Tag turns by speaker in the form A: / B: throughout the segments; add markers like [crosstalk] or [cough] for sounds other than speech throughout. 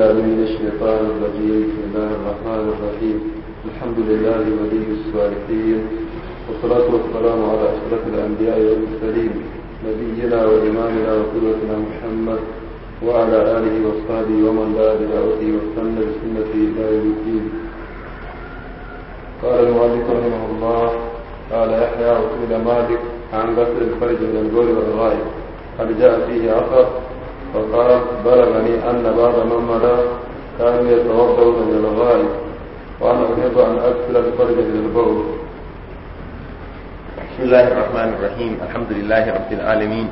A: من الشيطان الرجيم بسم الله الرحمن الرحيم الحمد لله ولي الصالحين والصلاة والسلام على أشرف الأنبياء والمرسلين نبينا وإمامنا وقدوتنا محمد وعلى آله وصحبه ومن دعا بدعوته واستنى بسنته إلى يوم الدين قال المؤلف رحمه الله قال يحيى وسئل مالك عن بكر الفرج من الجور والغاية هل جاء فيه عصر فقال بلغني أن بعض من ملا كان يتوضأ من الغائب وأنا أريد أن أكثر الفرج من البول
B: بسم الله الرحمن الرحيم الحمد لله رب العالمين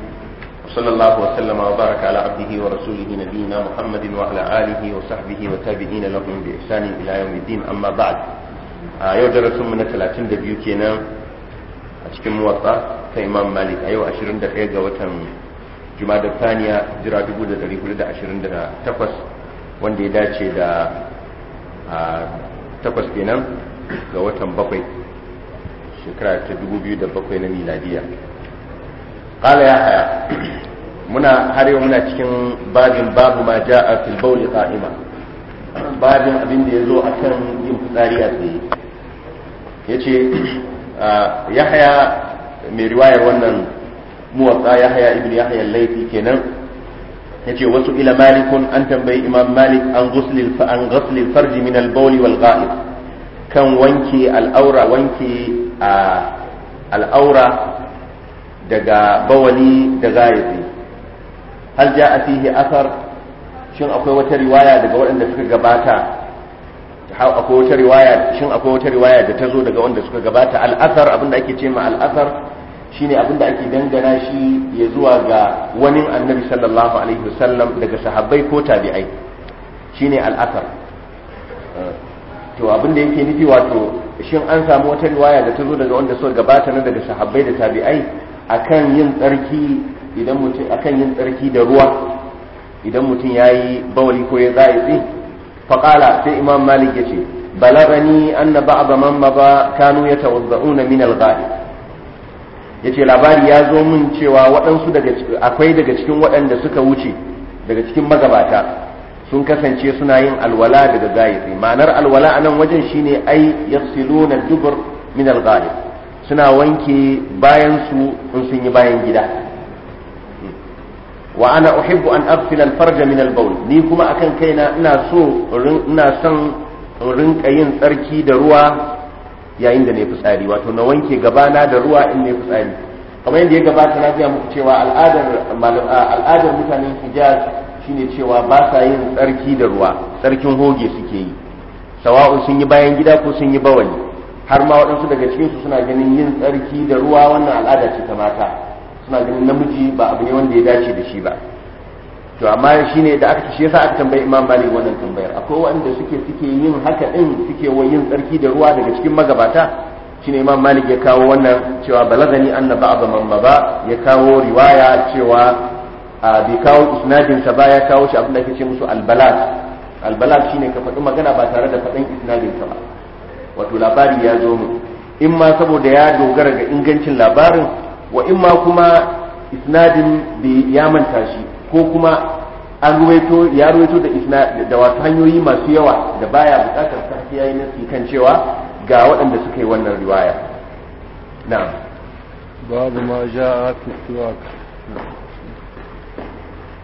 B: وصلى الله وسلم وبارك على عبده ورسوله نبينا محمد وعلى آله وصحبه وتابعين لهم بإحسان إلى يوم الدين أما بعد yau آه، darasin من na 32 كينا a موطا muwatta ta imam malik a yau 21 ga watan jumadar taniya jira 1428 wanda ya dace da takwas kenan ga watan bakwai shekara ta 2007 na miladiya ƙala ya haya muna har yau muna cikin babin babu ma ja a bawli ƙa'ima babin abin da ya zo a kan yin fitsari a tsaye ya haya mai riwayar wannan ya haya ibn yahya laifi kenan ya ce wasu ila malikun an tambayi imam malik an ghuslil fa an ghuslil farj min al wal kan wanke al'aura wanke al'aura daga bawali da gayatsi hal ja'a fihi athar shin akwai wata riwaya daga waɗanda suka gabata akwai wata riwaya shin akwai wata riwaya da ta zo daga wanda suka gabata al'athar abinda ake ce ma al'athar shine abinda ake dangana shi ya zuwa ga wani annabi sallallahu alaihi wasallam daga sahabbai ko tabi'ai shine al'asar to abinda yake nufi wato shin an samu wata riwaya da ta zo daga wanda suka gabata na daga sahabbai da tabi'ai akan yin tsarki idan mutum akan yin tsarki da ruwa idan mutum yayi bawali ko ya zai tsi faqala sai imam malik yace balagani anna ba'd man maba kanu yatawadda'una min al-ghaib yace labari ya zo min cewa waɗansu akwai daga cikin waɗanda suka wuce daga cikin magabata sun kasance suna yin alwala daga gaibi ma'anar alwala a nan wajen shine ai ya na dubur min alghalib suna wanke bayan su in sun yi bayan gida wa ana uhibbu an aghsila alfarja min albawl ni kuma akan kaina ina so ina son rinka yin tsarki da ruwa yayin da na fitsari wato na wanke gabana da ruwa in na fitsari kamar yadda ya gabata na gaya muku cewa al'adar mutanen hijaz shine cewa ba sa yin tsarki da ruwa tsarkin hoge suke yi sawa'u sun yi bayan gida ko sun yi bawali har ma waɗansu daga cikinsu suna ganin yin tsarki da ruwa wannan al'ada ce ta mata suna ganin namiji ba abu ne wanda ya dace da shi ba to amma shine da aka shi yasa aka tambayi imam bali wannan tambayar akwai wanda suke suke yin haka din suke wa yin tsarki da ruwa daga cikin magabata shine imam malik ya kawo wannan cewa balagani anna ba'd man maba ya kawo riwaya cewa a bi kawo isnadin sa ba ya kawo shi abin da ake musu albalat albalat shine ka faɗi magana ba tare da faɗin isnadin sa ba wato labari ya zo mu in ma saboda ya dogara ga ingancin labarin wa in ma kuma isnadin bai ya manta shi ko kuma an ruwaito ya ruwaito da isna da wasu hanyoyi masu yawa da baya bukatar sarki yayi nasi kan cewa ga waɗanda suka yi wannan riwaya na'am
A: babu ma ja'a fi siwak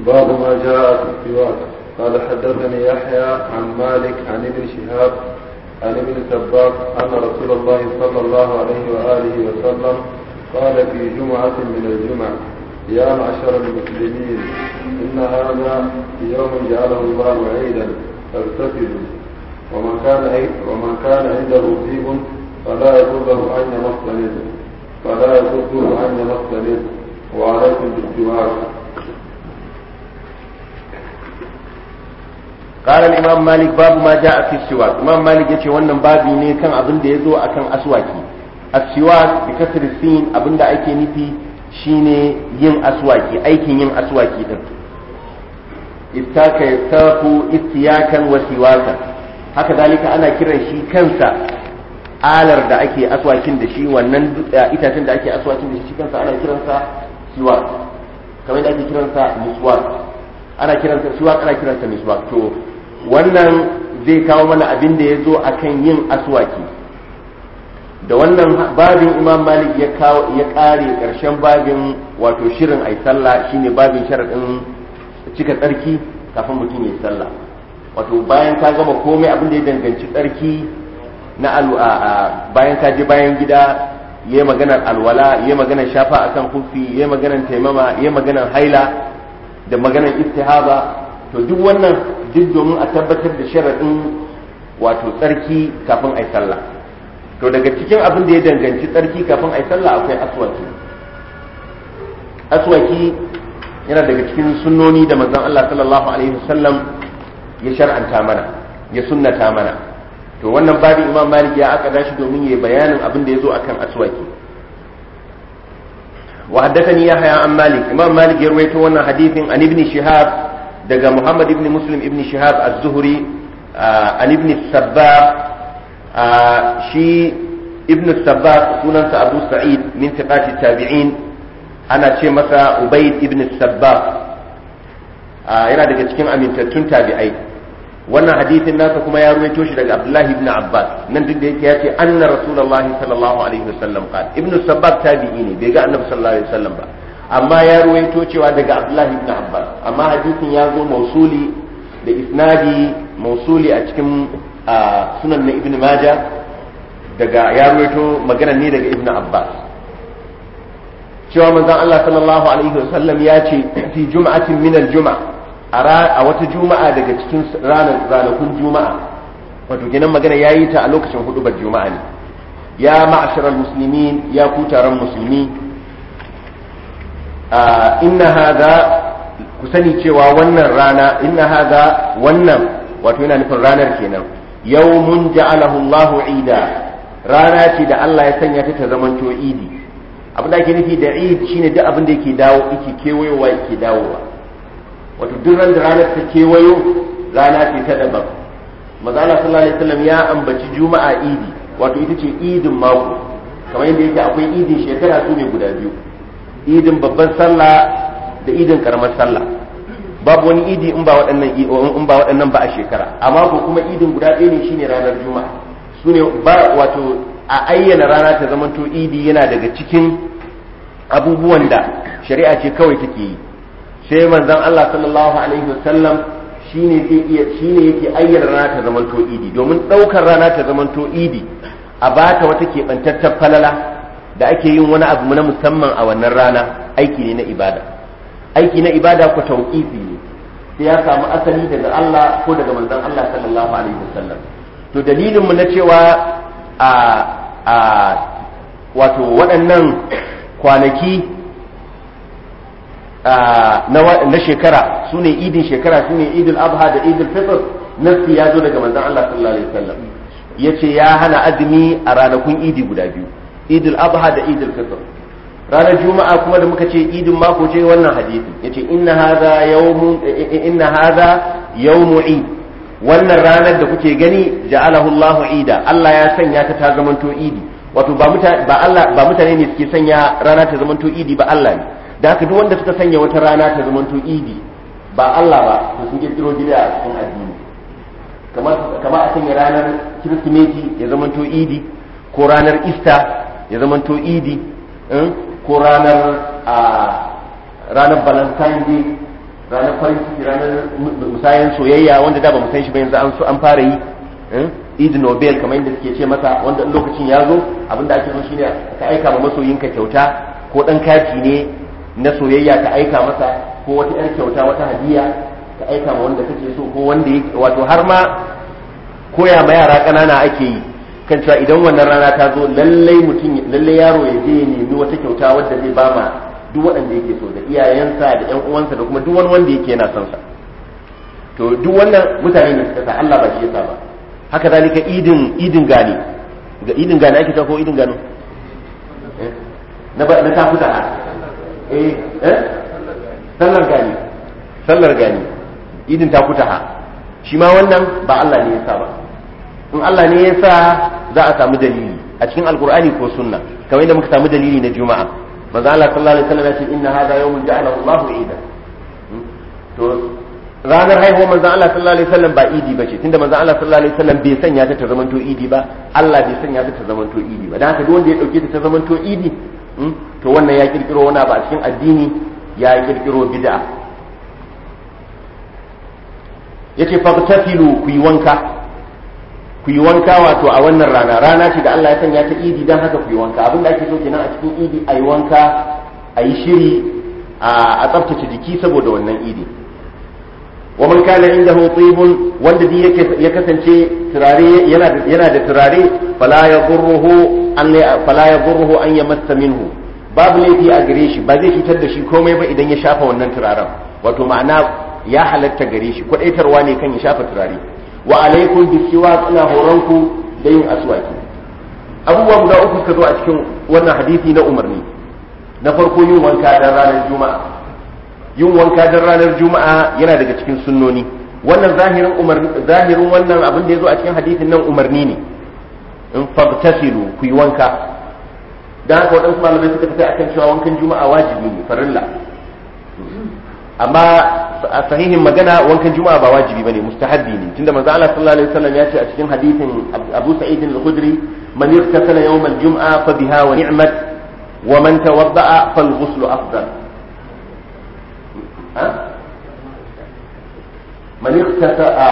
A: babu ma ja'a fi siwak قال حدثني يحيى عن مالك عن ابن شهاب عن ابن سباق أن رسول الله صلى الله عليه وآله وسلم قال في جمعة من الجمعة يا معشر المسلمين إن هذا يوم جعله الله عيدا فارتكبوا ومن كان ومن كان عنده طيب فلا يضره أن مختلف فلا يضره أن مختلف وعليكم بالجواب
B: قال الإمام مالك باب ما جاء في السواك الإمام مالك يتي وانا بابي ني كان أظن ديزو أكن أسواكي السواك بكسر السين أبن دا أيكي نفي shine yin aswaki aikin yin aswaki din ittaka yasafu ittiyakan wa siwaka haka dalika ana kiran shi kansa alar da ake aswakin da shi wannan itacen da ake aswakin da shi kansa ana kiransa siwak kamar da ake kiransa miswak ana kiransa siwak ana kiransa miswak to wannan zai kawo mana abin da ya zo akan yin aswaki da wannan babin imam malik ya kawo ya kare karshen babin wato shirin ai sallah shine babin sharadin cika tsarki kafin mutum ya sallah wato bayan ka gama komai abin da ya danganci tsarki na a bayan ka je bayan gida yayi maganar alwala yayi maganar shafa a kan kufi yayi maganar taimama yayi maganar haila da maganar istihaba to duk wannan duk domin a tabbatar da sharadin wato tsarki kafin ai sallah to daga cikin abin da ya danganci tsarki kafin a yi sallah akwai aswaki aswaki yana daga cikin sunnoni da manzon Allah sallallahu alaihi wasallam ya shar'anta mana ya sunnata mana to wannan babu imam malik ya aka dashi domin yayi bayanin abin da yazo akan aswaki wa haddathani yahya an malik imam malik ya rawaito wannan hadithin an ibn shihab daga muhammad ibn muslim ibni shihab az-zuhri an ibn sabbah shi ibn sabbah sunansa abu sa'id min tiqati tabi'in ana ce masa ubaid ibn sabbah yana daga cikin amintattun tabi'ai wannan hadisin nasa kuma ya ruwaito shi daga abdullahi ibn abbas nan duk da yake ya ce anna rasulullahi sallallahu alaihi wasallam qala ibn sabbah tabi'i ne bai ga annabi sallallahu alaihi wasallam ba amma ya ruwaito cewa daga abdullahi ibn abbas amma hadisin ya zo mausuli da isnadi mausuli a cikin a sunan na ibn maja daga ya rawaito magana ne daga ibn abbas cewa manzon Allah sallallahu alaihi wasallam ya ce fi jum'atin min al-jum'a a wata juma'a daga cikin ranar ranakun juma'a wato kenan magana yayi ta a lokacin hudubar juma'a ne ya ma'asharal muslimin ya ku taron musulmi inna hadha ku sani cewa wannan rana inna hadha wannan wato yana nufin ranar kenan yawmun ja'alahu Allahu ida rana ce da Allah ya sanya ta ta to idi abin da ake nufi da id shine duk abin da yake dawo yake kewayowa yake dawowa wato duk ran da ranar ta kewayo rana ce ta daban maza Allah sallallahu alaihi wasallam ya ambaci juma'a idi wato ita ce idin mako kamar yadda yake akwai idin shekara su ne guda biyu idin babban sallah da idin karamar sallah babu wani idi in ba waɗannan in ba waɗannan ba a shekara amma ko kuma idin guda ɗaya ne shine ranar juma'a sune ba wato a ayyana rana ta to idi yana daga cikin abubuwan da shari'a ce kawai take yi sai manzon Allah sallallahu alaihi wasallam shine zai iya shine yake ayyana rana ta to idi domin daukar rana ta to idi a bata wata ta falala da ake yin wani abu na musamman a wannan rana aiki ne na ibada aiki na ibada ku tauqifi ne sai ya samu asali daga Allah ko daga manzon Allah sallallahu alaihi wasallam to dalilin mu na cewa a a wato waɗannan kwanaki na shekara su ne idin shekara su ne idin abha da idin fitr nassi ya zo daga manzon Allah sallallahu alaihi wasallam yace ya hana azumi a ranakun idi guda biyu idil abha da idil fitr ranar juma'a kuma da muka ce idin mako ce wannan hadisi yace inna hadha yawmun inna hadha yawmu eid wannan ranar da kuke gani ja'alahu Allahu ida Allah ya sanya ta ta zamanto idi wato ba mutane ba Allah ba mutane ne suke sanya rana ta zamanto idi ba Allah ne da haka duk wanda suka sanya wata rana ta zamanto idi ba Allah ba to sun kirkiro gida a cikin addini kamar kamar a sanya ranar Kirsimeti ya zamanto idi ko ranar Ista ya zamanto idi eh? ko ranar ranar balantan day ranar farin ciki ranar musayen soyayya wanda da ba mu san shi ba yanzu an an fara yi eh, Eid Nobel kamar yadda suke ce masa wanda lokacin ya zo abinda ake so shine ka aika ma masoyinka kyauta ko dan kati ne na soyayya ka aika masa ko wata yar kyauta wata hadiya ka aika ma wanda kake so ko wanda wato har ma koya ma yara kanana ake yi kan cewa idan wannan rana ta zo lallai mutum lallai yaro ya je ya nemi wata kyauta wadda zai ba ma duk waɗanda yake so da iyayensa da ƴan uwansa da kuma duk wani wanda yake yana son sa to duk wannan mutane ne suka sa Allah ba shi yasa ba haka zalika idin idin gani ga idin gani ake ta ko idin Gani. Eh, na na tafi da eh eh sallar gani sallar gani idin ta kutaha ha shi ma wannan ba Allah ne sa ba in Allah ne ya sa za a samu dalili a cikin alkur'ani ko sunna kamar yadda muka samu dalili na juma'a manzo Allah sallallahu alaihi wasallam ya ce inna hadha yawmun ja'alahu Allahu idan hmm? to ranar haihuwar manzo Allah sallallahu alaihi wasallam ba idi bace tunda manzo Allah sallallahu alaihi wasallam bai sanya ta ta zamanto idi ba Allah bai sanya ta ta zamanto idi ba dan haka duk wanda ya dauke ta ta zamanto idi hmm, to wannan ya kirkiro wani ba a cikin addini ya kirkiro bid'a yace faqtafilu ku yi wanka ku yi wanka wato a wannan rana rana ce da Allah ya sanya ta idi dan haka ku yi wanka abin da ake so kenan a cikin idi a yi wanka a yi shiri a tsaftace jiki saboda wannan idi wa man kana indahu tibun wanda dai yake ya kasance turare yana da yana da turare fala yadurruhu an fala yadurruhu an yamassa minhu babu laifi a gare shi ba zai fitar da shi komai ba idan ya shafa wannan turaren wato ma'ana ya halatta gare shi kwadaitarwa ne kan ya shafa turare wa alaikum bisiwak ina horonku da yin aswaki abubuwa guda uku suka zo a cikin wannan hadisi na umarni na farko yin wanka dan ranar juma'a yin wanka dan ranar juma'a yana daga cikin sunnoni wannan zahirin zahirin wannan abin da yazo a cikin hadisin nan umarni ne in fagtasilu ku yi wanka dan haka wadansu malamai suka fita akan cewa wankan juma'a wajibi ne farilla amma a sahihin magana wankan juma'a ba wajibi bane mustahabbi ne tunda manzo Allah sallallahu alaihi wasallam ya ce a cikin hadisin Abu Sa'id al-Khudri man yaktasala yawm al-jum'a fa biha wa ni'mat wa man tawadda'a fal ghusl afdal man yaktasala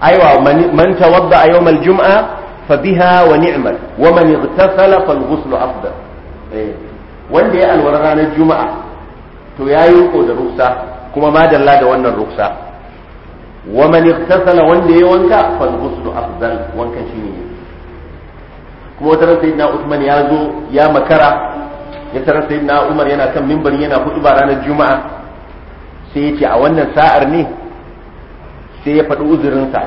B: aywa man tawadda'a yawm al-jum'a fa biha wa ni'mat wa man ightasala fal ghusl afdal wanda ya alwara ranar juma'a to ya yi riko da ruksa kuma ma dalla da wannan ruksa wa man ikhtasala wanda yayi wanka fa ghuslu afdal wankan ne kuma wata ran na Uthman ya zo ya makara ya tarar na Umar yana kan mimbari yana hutuba ranar juma'a sai ya ce a wannan sa'ar ne sai ya faɗi uzurinsa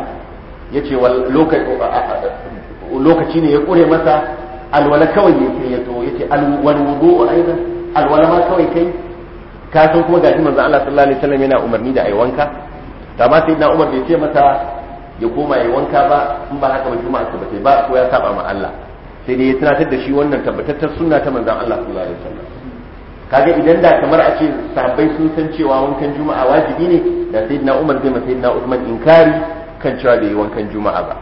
B: ya ce lokaci ne ya ƙure masa alwala kawai ya ce ya to ya ce alwala wudu aidan alwala ma kawai kai ka san kuma gashi manzo Allah sallallahu alaihi wasallam yana umarni da ai wanka ta ma sayyidina Umar bai ce masa ya koma yayi wanka ba in ba haka ba juma'a ta bace ba ko ya saba ma Allah sai dai ya tunatar da shi wannan tabbatattar sunna ta manzo Allah sallallahu alaihi wasallam kaga idan da kamar a ce sahabbai sun san cewa wankan juma'a wajibi ne da sayyidina Umar zai ma sayyidina Uthman inkari kan cewa da yi wankan juma'a ba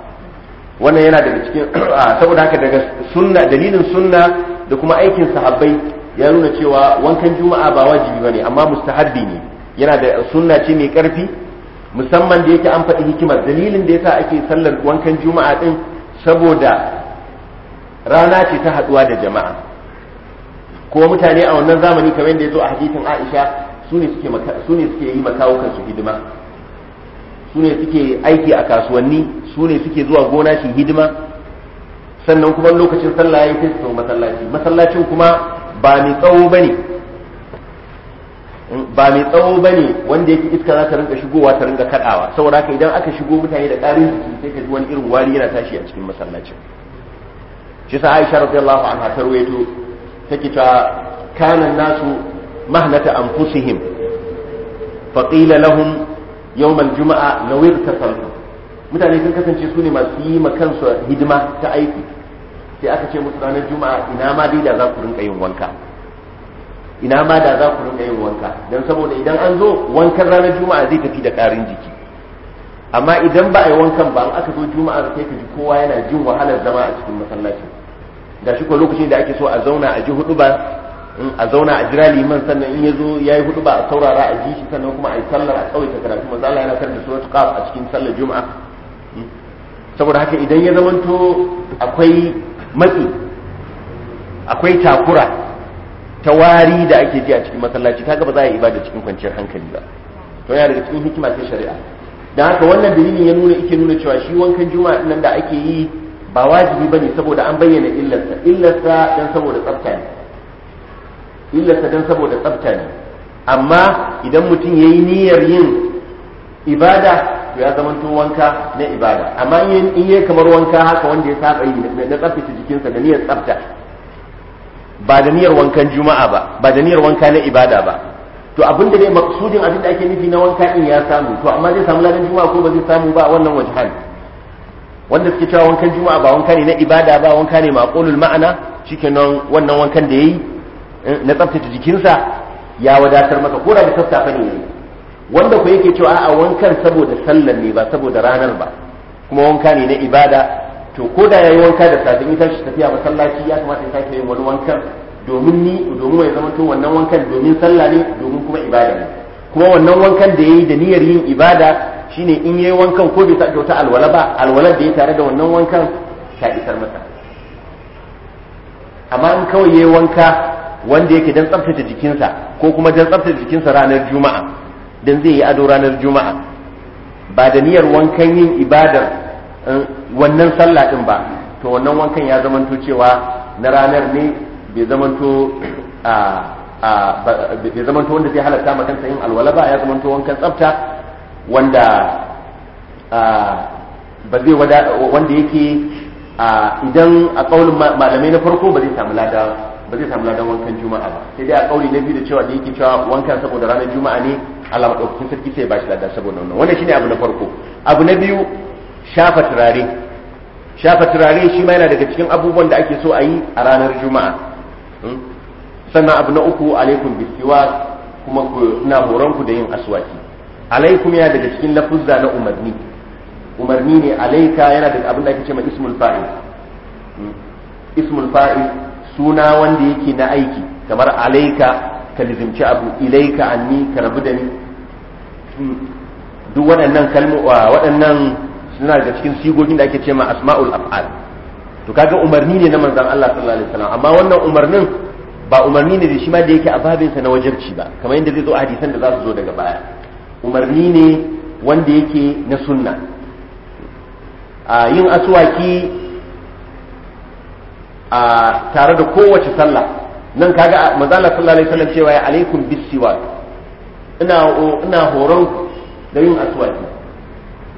B: wannan yana daga cikin [clears throat] saboda haka daga sunna dalilin sunna da kuma aikin sahabbai ya nuna cewa wankan juma'a ba wajibi bane amma mustahabbi ne yana da sunna ce mai karfi musamman da yake an faɗi hikimar dalilin da yasa ake sallar wankan juma'a din saboda rana ce ta haɗuwa da jama'a ko mutane a wannan zamani kamar yadda ya zo a hadisin Aisha su ne suke su suke yi makawo kansu hidima su ne suke aiki a kasuwanni su ne suke zuwa gona shi hidima sannan kuma lokacin sallah ya kai su masallaci masallacin kuma ba mai tsawo bane ba mai tsawo wanda yake iska za ta rinka shigowa ta rinka kadawa saboda haka idan aka shigo mutane da karin jiki sai ka ji wani irin wari yana tashi a cikin masallacin shi sa Aisha radiyallahu anha ta rawaito take ta kana nasu mahnata anfusihim qila lahum yawm al-jum'a mutane sun kasance su ne masu yi ma kansu hidima ta aiki sai aka ce musu ranar juma'a ina ma dai da za ku rinka yin wanka ina ma da za ku rinka yin wanka don saboda idan an zo wankan ranar juma'a zai tafi da karin jiki amma idan ba a yi wankan ba aka zo juma'a sai ka ji kowa yana jin wahalar zama a cikin masallaci ga shi ko lokacin da ake so a zauna a ji hudu ba a zauna a jira liman sannan in ya zo ya yi hudu a saurara a ji shi sannan kuma a yi sallar a tsawaita karatu za Allah yana karanta suratul qaf a cikin sallar juma'a hmm. saboda haka idan ya zamanto akwai matsi akwai takura ta wari da ake ji a cikin masallaci ta gaba za a yi ibada cikin kwanciyar hankali ba to yana daga cikin hikima ta shari'a dan haka wannan dalilin ya nuna yake nuna cewa shi wankan juma'a nan da ake yi ba wajibi bane saboda an bayyana illarsa illarsa dan saboda tsafta ne illarsa dan saboda tsafta ne amma idan mutum yayi niyyar yin ibada to ya zama to wanka na ibada amma in yi kamar wanka haka wanda ya saba yi na tsaftace jikinsa da niyyar tsafta ba da niyyar wankan juma'a ba ba da niyyar wanka na ibada ba to abin da dai maksudin abin da ake nufi na wanka in ya samu to amma zai samu ladan juma'a ko ba zai samu ba wannan wajhan wanda suke cewa wankan juma'a ba wanka ne na ibada ba wanka ne maqulul ma'ana shikenan wannan wankan da yayi eh, na tsaftace jikinsa ya wadatar masa ko da tsafta fa ne yayi wanda ku yake cewa a wankan saboda sallar ne ba saboda ranar ba kuma wanka ne na ibada to ko da yayi wanka da safin ita shi tafiya masallaci ya kamata ya sake yin wani wankan domin ni domin ya zama to wannan wankan domin sallah ne domin kuma ibada ne kuma wannan wankan da yayi da niyyar yin ibada shine in yayi wankan ko bai sake wata alwala ba alwalar da ya tare da wannan wankan ta isar masa amma in kawai yayi wanka wanda yake dan tsaftace jikinsa ko kuma dan tsaftace jikinsa ranar juma'a dan zai yi ado ranar juma'a ba da niyyar wankan yin ibadar eh, wannan sallah din ba to wannan wankan ya zamanto cewa na ranar ne bai zamanto [clears throat] a bai zamanto wanda zai halatta ma kansa yin alwala ba ya zamanto wankan tsafta wanda ba zai wanda yake idan a kaulin malamai na farko ba zai samu lada ba zai samu ladan wankan juma'a ba sai dai a kauli na biyu da cewa da yake cewa wankan saboda ranar juma'a ne Allah ɗaukacin sarki sai ba shi lada saboda wannan wannan shine abu na farko abu na biyu shafa turare shafa turare shi ma yana daga cikin abubuwan da ake so a yi a ranar juma'a hmm? sannan abu na uku alaikum bisiwa kuma na horon ku da yin aswaki alaikum yana daga cikin lafuzza na umarni umarni ne alaika yana daga abin da ake cewa ismul fa'il hmm? ismul fa'il suna wanda yake na aiki kamar alaika ka lizimci abu an ni ka rabu da ni duk waɗannan kalmo waɗannan suna daga cikin sigogin da ake ce ma asma'ul af'al to kaga umarni ne na manzan Allah sallallahu alaihi wasallam amma wannan umarnin ba umarni ne da shi ma da yake a babinsa na wajabci ba kamar yadda zai zo a hadisan da za su zo daga baya umarni ne wanda yake na sunna a yin asuwaki a tare da kowace sallah nan kaga manzala sallallahu alaihi wasallam cewa ya alaikum siwak ina ina horon da yin aswaki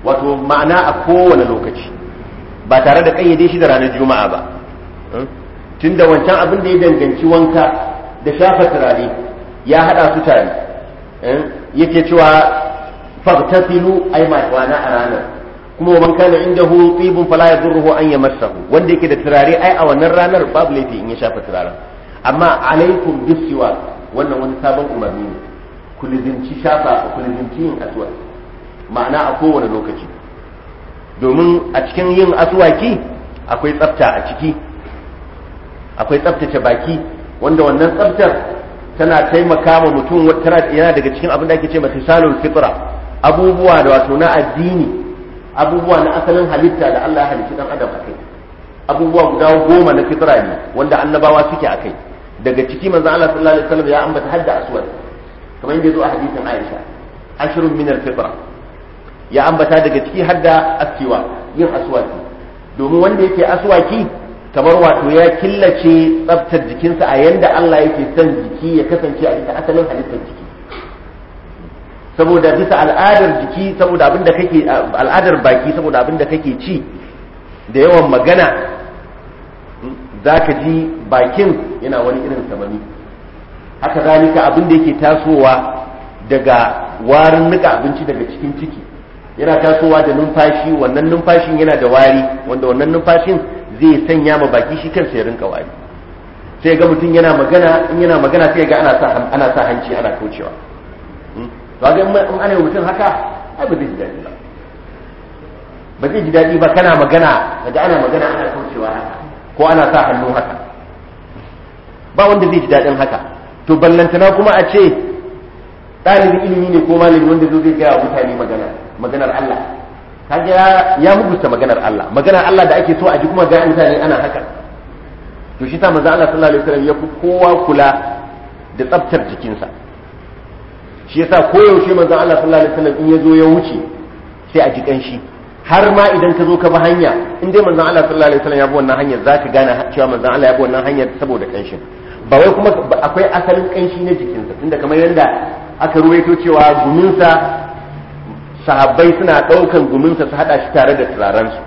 B: wato ma'ana a kowane lokaci ba tare da kayyade shi da ranar juma'a ba hmm? tunda wancan abin da ya danganci wanka da shafa turare ya hada su tare hmm? yake cewa fagtasilu ay ma wana a ranar kuma man kana indahu tibun fala yadurruhu an yamassahu wanda yake da turare ai a wannan ranar babu laifi in ya shafa turaren amma alaikum bisiwa wannan wani sabon umarni ne ku lizinci shafa ku lizinci yin aswaki ma'ana a kowane lokaci domin a cikin yin asuwaki akwai tsafta a ciki akwai tsaftace baki wanda wannan tsaftar tana taimaka ma mutum tana yana daga cikin abin da ake ce masu salon fitra abubuwa da wato na addini abubuwa na asalin halitta da Allah ya halitta dan adam akai abubuwa guda goma na fitra ne wanda annabawa suke akai daga ciki manzo Allah sallallahu alaihi wasallam ya ambata hadda aswad kamar yadda ya zo a hadisin Aisha ashrun min al-fitra ya ambata daga ciki hadda askiwa yin aswaki domin wanda yake aswaki kamar wato ya killace tsaftar jikinsa a yanda Allah yake son jiki ya kasance a ita asalin halittar jiki saboda bisa al'adar jiki saboda abinda kake al'adar baki saboda abinda kake ci da yawan magana za ka ji bakin yana wani irin samani haka zalika abin da yake tasowa daga warin nika abinci daga cikin ciki yana tasowa da numfashi wannan numfashin yana da wari wanda wannan numfashin zai sanya ma baki shi kansa ya rinka wari sai ga mutum yana magana in yana magana sai ga ana sa hanci ana kaucewa hmm? to ga in ana mutum haka ai ba zai ji daɗi ba ba zai ji daɗi ba kana magana daga ana magana ana kaucewa haka ko ana sa hannu haka ba wanda zai ji daɗin haka to ballantana kuma a ce ɗalibin ilimi ne ko malami wanda zai gaya mutane magana maganar Allah kaga ya mugusta maganar Allah maganar Allah da ake so a ji kuma ga mutane ana haka to shi ta manzo Allah sallallahu alaihi wasallam ya fi kowa kula da tsaftar jikinsa shi yasa koyaushe manzo Allah sallallahu alaihi wasallam in ya zo ya wuce sai a ji kanshi har ma idan ka zo ka bi hanya in dai manzon Allah sallallahu alaihi wasallam ya bi wannan hanyar zaka gane cewa manzon Allah ya bi wannan hanyar saboda kanshin ba wai kuma akwai asalin kanshi na jikinsa tunda kamar yadda aka ruwaito cewa guminsa sahabbai suna ɗaukan guminsa su haɗa shi tare da su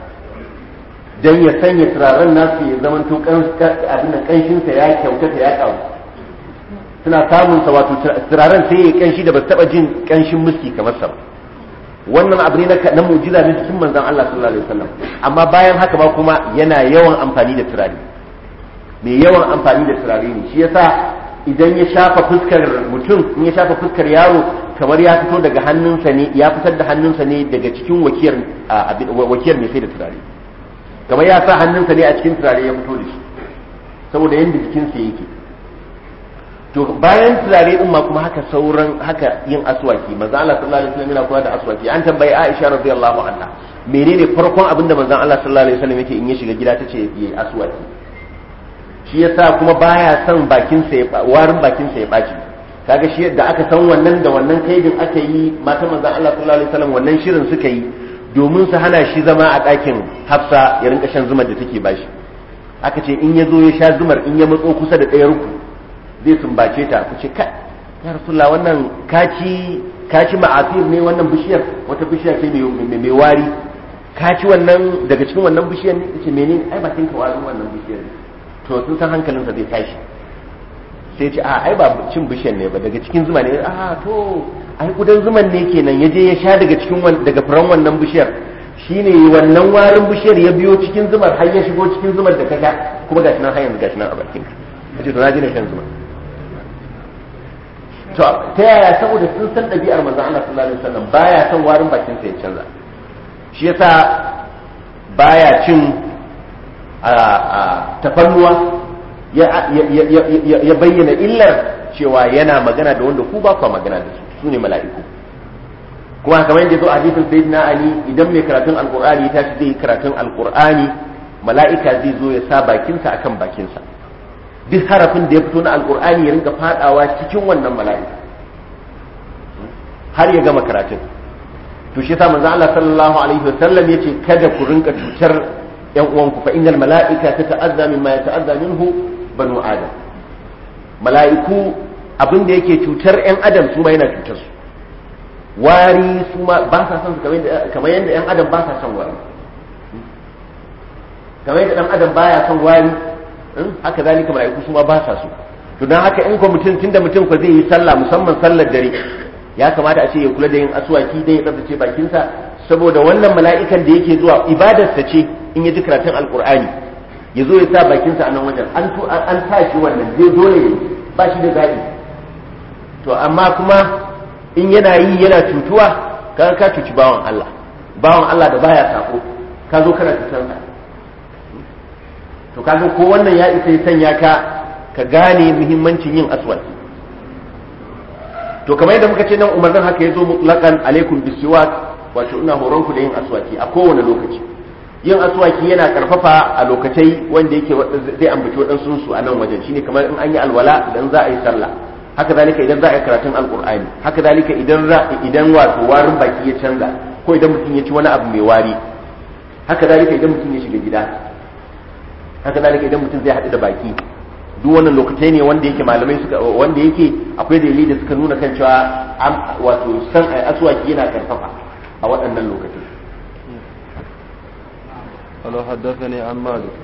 B: don ya sanya turaren nasu ya zama to abin da kanshinsa ya kyautata ya kawo suna samun sa wato turaren sai ya kanshi da ba taɓa jin kanshin miski kamar sa ba wannan abu ne na mujiza ne cikin manzon Allah sallallahu alaihi wasallam amma bayan haka ba kuma yana yawan amfani da turare mai yawan amfani da turare ne shi yasa idan ya shafa fuskar mutum in ya shafa fuskar yaro kamar ya fito daga hannunsa ne ya fitar da hannunsa ne daga cikin wakiyar wakiyar mai sai da turare kamar ya sa hannunsa ne a cikin turare ya fito da shi saboda yadda jikinsa yake to bayan turare din ma kuma haka sauran haka yin aswaki manzo Allah sallallahu alaihi wasallam yana kula da aswaki an tambayi Aisha radiyallahu anha menene farkon abinda manzo Allah sallallahu alaihi wasallam yake in ya shiga gida tace yayi aswaki shi yasa kuma baya son bakin sa ya warin bakin sa ya baci kaga shi yadda aka san wannan da wannan kaidin aka yi mata manzo Allah sallallahu alaihi wasallam wannan shirin suka yi domin su hana shi zama a ɗakin Hafsa ya rinka shan zumar da take bashi aka ce in ya zo ya sha zumar in ya matso kusa da ɗayar ku zai sumbace ta ku ce kai ya rasulla wannan kaci kaci ma'afir ne wannan bishiyar wata bishiya ce mai mai wari kaci wannan daga cikin wannan bishiyar ne ce menene ai ba kinka warin wannan bishiyar ne to sun san sa zai tashi sai ce a ai ba cin bishiyar ne ba daga cikin zuma ne a to ai kudan zuman ne kenan ya je ya sha daga cikin daga furan wannan bishiyar shine wannan warin bishiyar ya biyo cikin zumar har ya shigo cikin zumar da kaga kuma gashi nan har yanzu gashi nan a bakin ka ce to na je ne shan zuma to ta yaya saboda sun san ɗabi'ar manzon Allah sallallahu alaihi wasallam baya san warin bakin sa ya canza shi yasa baya cin tafarnuwa ya bayyana illar cewa yana magana da wanda ku ba ku magana da su sune mala'iku kuma kamar yadda zo a hadisin sayyidina ali idan mai karatun alqur'ani ya tashi zai karatun alqur'ani mala'ika zai zo ya sa bakinsa akan bakinsa duk harafin da ya fito na alkur'ani ya ringa fadawa cikin wannan mala'ika har ya gama karatun to shi yasa manzo Allah sallallahu alaihi wasallam yace kada ku rinka cutar ƴan uwanku fa innal mala'ika tata'azza mimma yata'azza minhu banu adam mala'iku abin da yake cutar ƴan adam su ma yana cutar su wari su ma ba sa son kamar yadda ƴan adam ba sa son wari kamar yadda ɗan adam baya son wari haka zalika mala'iku su ma ba sa su. to dan haka in ko mutum tunda mutum ko zai yi sallah musamman sallar dare ya kamata a ce ya kula da yin aswaki dai ya bakin sa saboda wannan mala'ikan da yake zuwa ibadarsa ce in ya ji karatun alkur'ani ya zo ya sa bakinsa a nan wajen an an sa shi wannan zai dole ne ba shi da zaɓi to amma kuma in yana yi yana cutuwa kaga ka cuci bawan Allah bawan Allah da baya sako ka zo kana cutar to kaga ko wannan ya isa ya sanya ka ka gane muhimmancin yin aswad to kamar yadda muka ce nan umarnin haka ya zo mutlaqan alaikum bisiwak wato ina horon ku da yin aswaki a kowane lokaci yin aswaki yana karfafa a lokacai wanda yake zai ambaci waɗansu su a nan wajen shine kamar in an yi alwala idan za a yi sallah haka zalika idan za a yi karatun alkur'ani haka zalika idan idan wato warin baki ya canza ko idan mutum ya ci wani abu mai wari haka zalika idan mutum ya shiga gida haka dalika idan mutum zai haɗu da baki duk wannan lokacin ne wanda yake malamai suka wanda yake akwai dalili da suka nuna kan cewa wato san aswaki yana karfafa a waɗannan lokacin قال حدثني عن مالك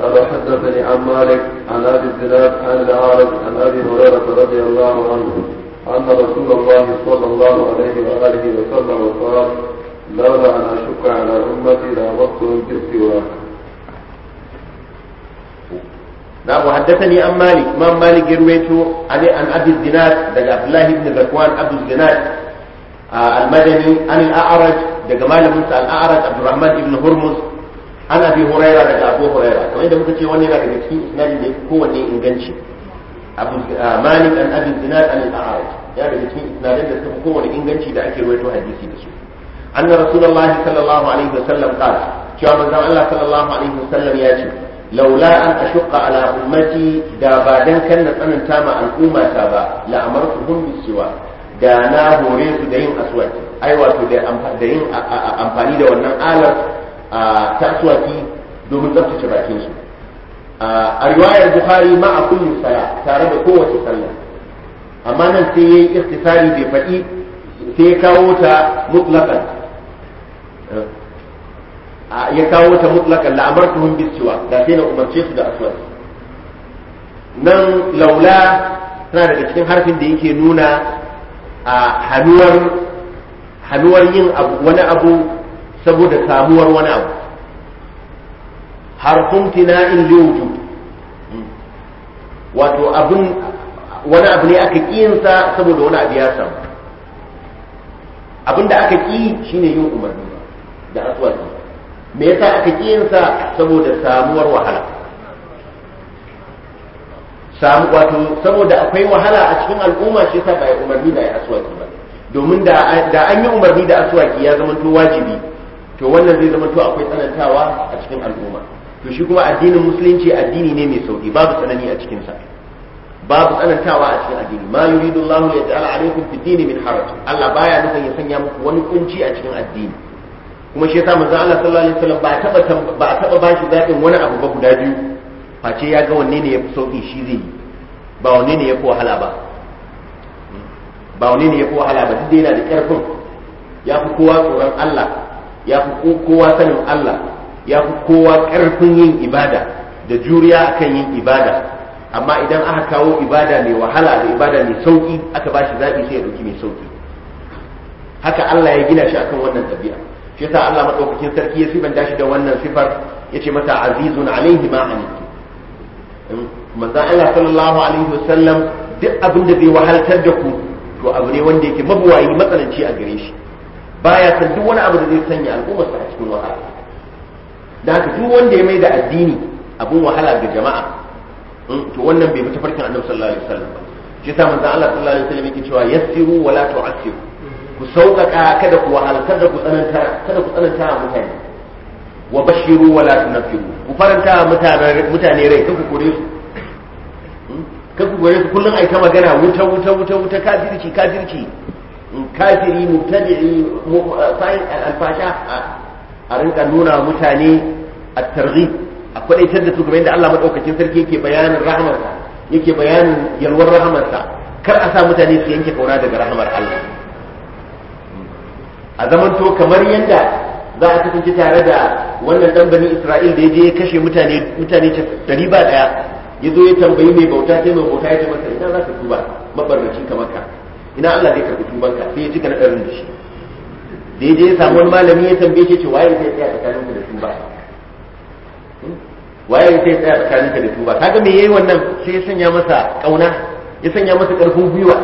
B: قال حدثني عن مالك عن ابي الزناد
A: عن العارف عن ابي هريره رضي الله عنه ان رسول الله صلى الله عليه واله وسلم قال لولا ان اشك على امتي لامرتهم
B: بالسواك na wa haddathani an malik imam malik ya ruwaito ali an abi zinat daga abdullahi ibn zakwan abu zinat al-madani an a'a araj daga malamin sa al-a'raj ibn hurmus. an abi huraira daga abu huraira kamar yadda muka ce wannan daga cikin isnadin da kowanne inganci malik an abi zinat an al-a'raj yana daga cikin isnadin da suka kowanne inganci da ake ruwaito hadisi da su anna rasulullahi sallallahu alaihi wasallam qala cewa manzon Allah sallallahu alaihi ya ce laula an shuka ala ummati da ba dan kan na tsananta ma al'umma ta ba la amartuhum bisiwa da na hore su da yin aswaki ai wato da yin amfani da wannan alar ta aswaki domin tsaftace bakin su a riwayar bukhari ma a kulli sala tare da kowace sallah amma nan sai yayi ikhtisari bai faɗi sai kawo ta mutlaqan ya kawo ta mutlaqan la'amartuhum bisiwa da sai na umarce su da aswad nan laula tana daga cikin harfin da yake nuna a hanuwar yin abu wani abu saboda samuwar wani abu harfin tina'in liwujud wato abin wani abu ne aka ƙiyinsa saboda wani abu ya samu abin da aka ƙi shine yin umarni da aswad me yasa aka yin sa saboda samuwar wahala samu wato saboda akwai wahala a cikin al'umma shi yasa ba ya umarni da ya aswaki ba domin da an yi umarni da aswaki ya zama to wajibi to wannan zai zama to akwai tsanantawa a cikin al'umma to shi kuma addinin musulunci addini ne mai sauki babu tsanani a cikinsa babu tsanantawa a cikin addini ma yuridu Allahu ya ta'ala alaikum fi dini min haraj Allah baya nufin ya sanya muku wani kunci a cikin addini kuma shi yasa manzon Allah sallallahu alaihi wasallam ba a taba ba a taba bashi zaɓin wani abu ba guda biyu face ya ga wanne ne yafi sauki shi zai yi ba wanne ne yafi wahala ba ba wanne ne yafi wahala ba duk da yana da ƙarfin ya fi kowa tsoron Allah ya fi kowa sanin Allah ya fi kowa ƙarfin yin ibada da juriya akan yin ibada amma idan aka kawo ibada mai wahala da ibada mai sauki aka bashi zaɓi sai ya ɗauki mai sauki haka Allah ya gina shi akan wannan ɗabi'a shi yasa Allah madaukakin sarki ya sibanta shi da wannan sifar yace mata azizun alaihi ma anittu manzo Allah sallallahu alaihi wasallam duk abin da bai wahaltar da ku to abu ne wanda yake mabuwayi matsananci a gare shi baya san duk wani abu da zai sanya al'umma su a cikin wahala da haka duk wanda ya mai da addini abun wahala ga jama'a to wannan bai bi tafarkin annabi sallallahu alaihi wasallam shi yasa manzo Allah sallallahu alaihi wasallam yake cewa yassiru wala tu'assiru ku sauƙaƙa kada ku wahala kada ku tsananta kada ku tsananta a mutane wa bashiru wala tunfiru ku faranta mutane mutane rai kanku kore su hmm? kanku kore su kullun ai ta magana wuta wuta wuta wuta kafirci kafirci hmm, kafiri mubtadi'i fa'il al-fasha a rinka nuna mutane at-targhib a dai da su game da Allah madaukakin sarki yake bayanin rahmarsa yake bayanin yalwar rahmarsa kar a sa mutane su yanke kaura daga rahmar Allah a zaman to kamar yadda za a kasance tare da wannan dan bani isra'il da ya je ya kashe mutane mutane ɗari ba ɗaya ya zo ya tambayi mai bauta sai mai bauta ya ce masa ina za ka tuba mabarnacin kamar ka ina Allah zai karɓi tubanka sai ya ji kana ɗarin da shi da ya je ya samu wani malami ya tambaye shi ce waye zai tsaya tsakaninka da tuba waye zai tsaya tsakaninka da tuba kaga me yayi wannan sai ya sanya masa kauna ya sanya masa karfin gwiwa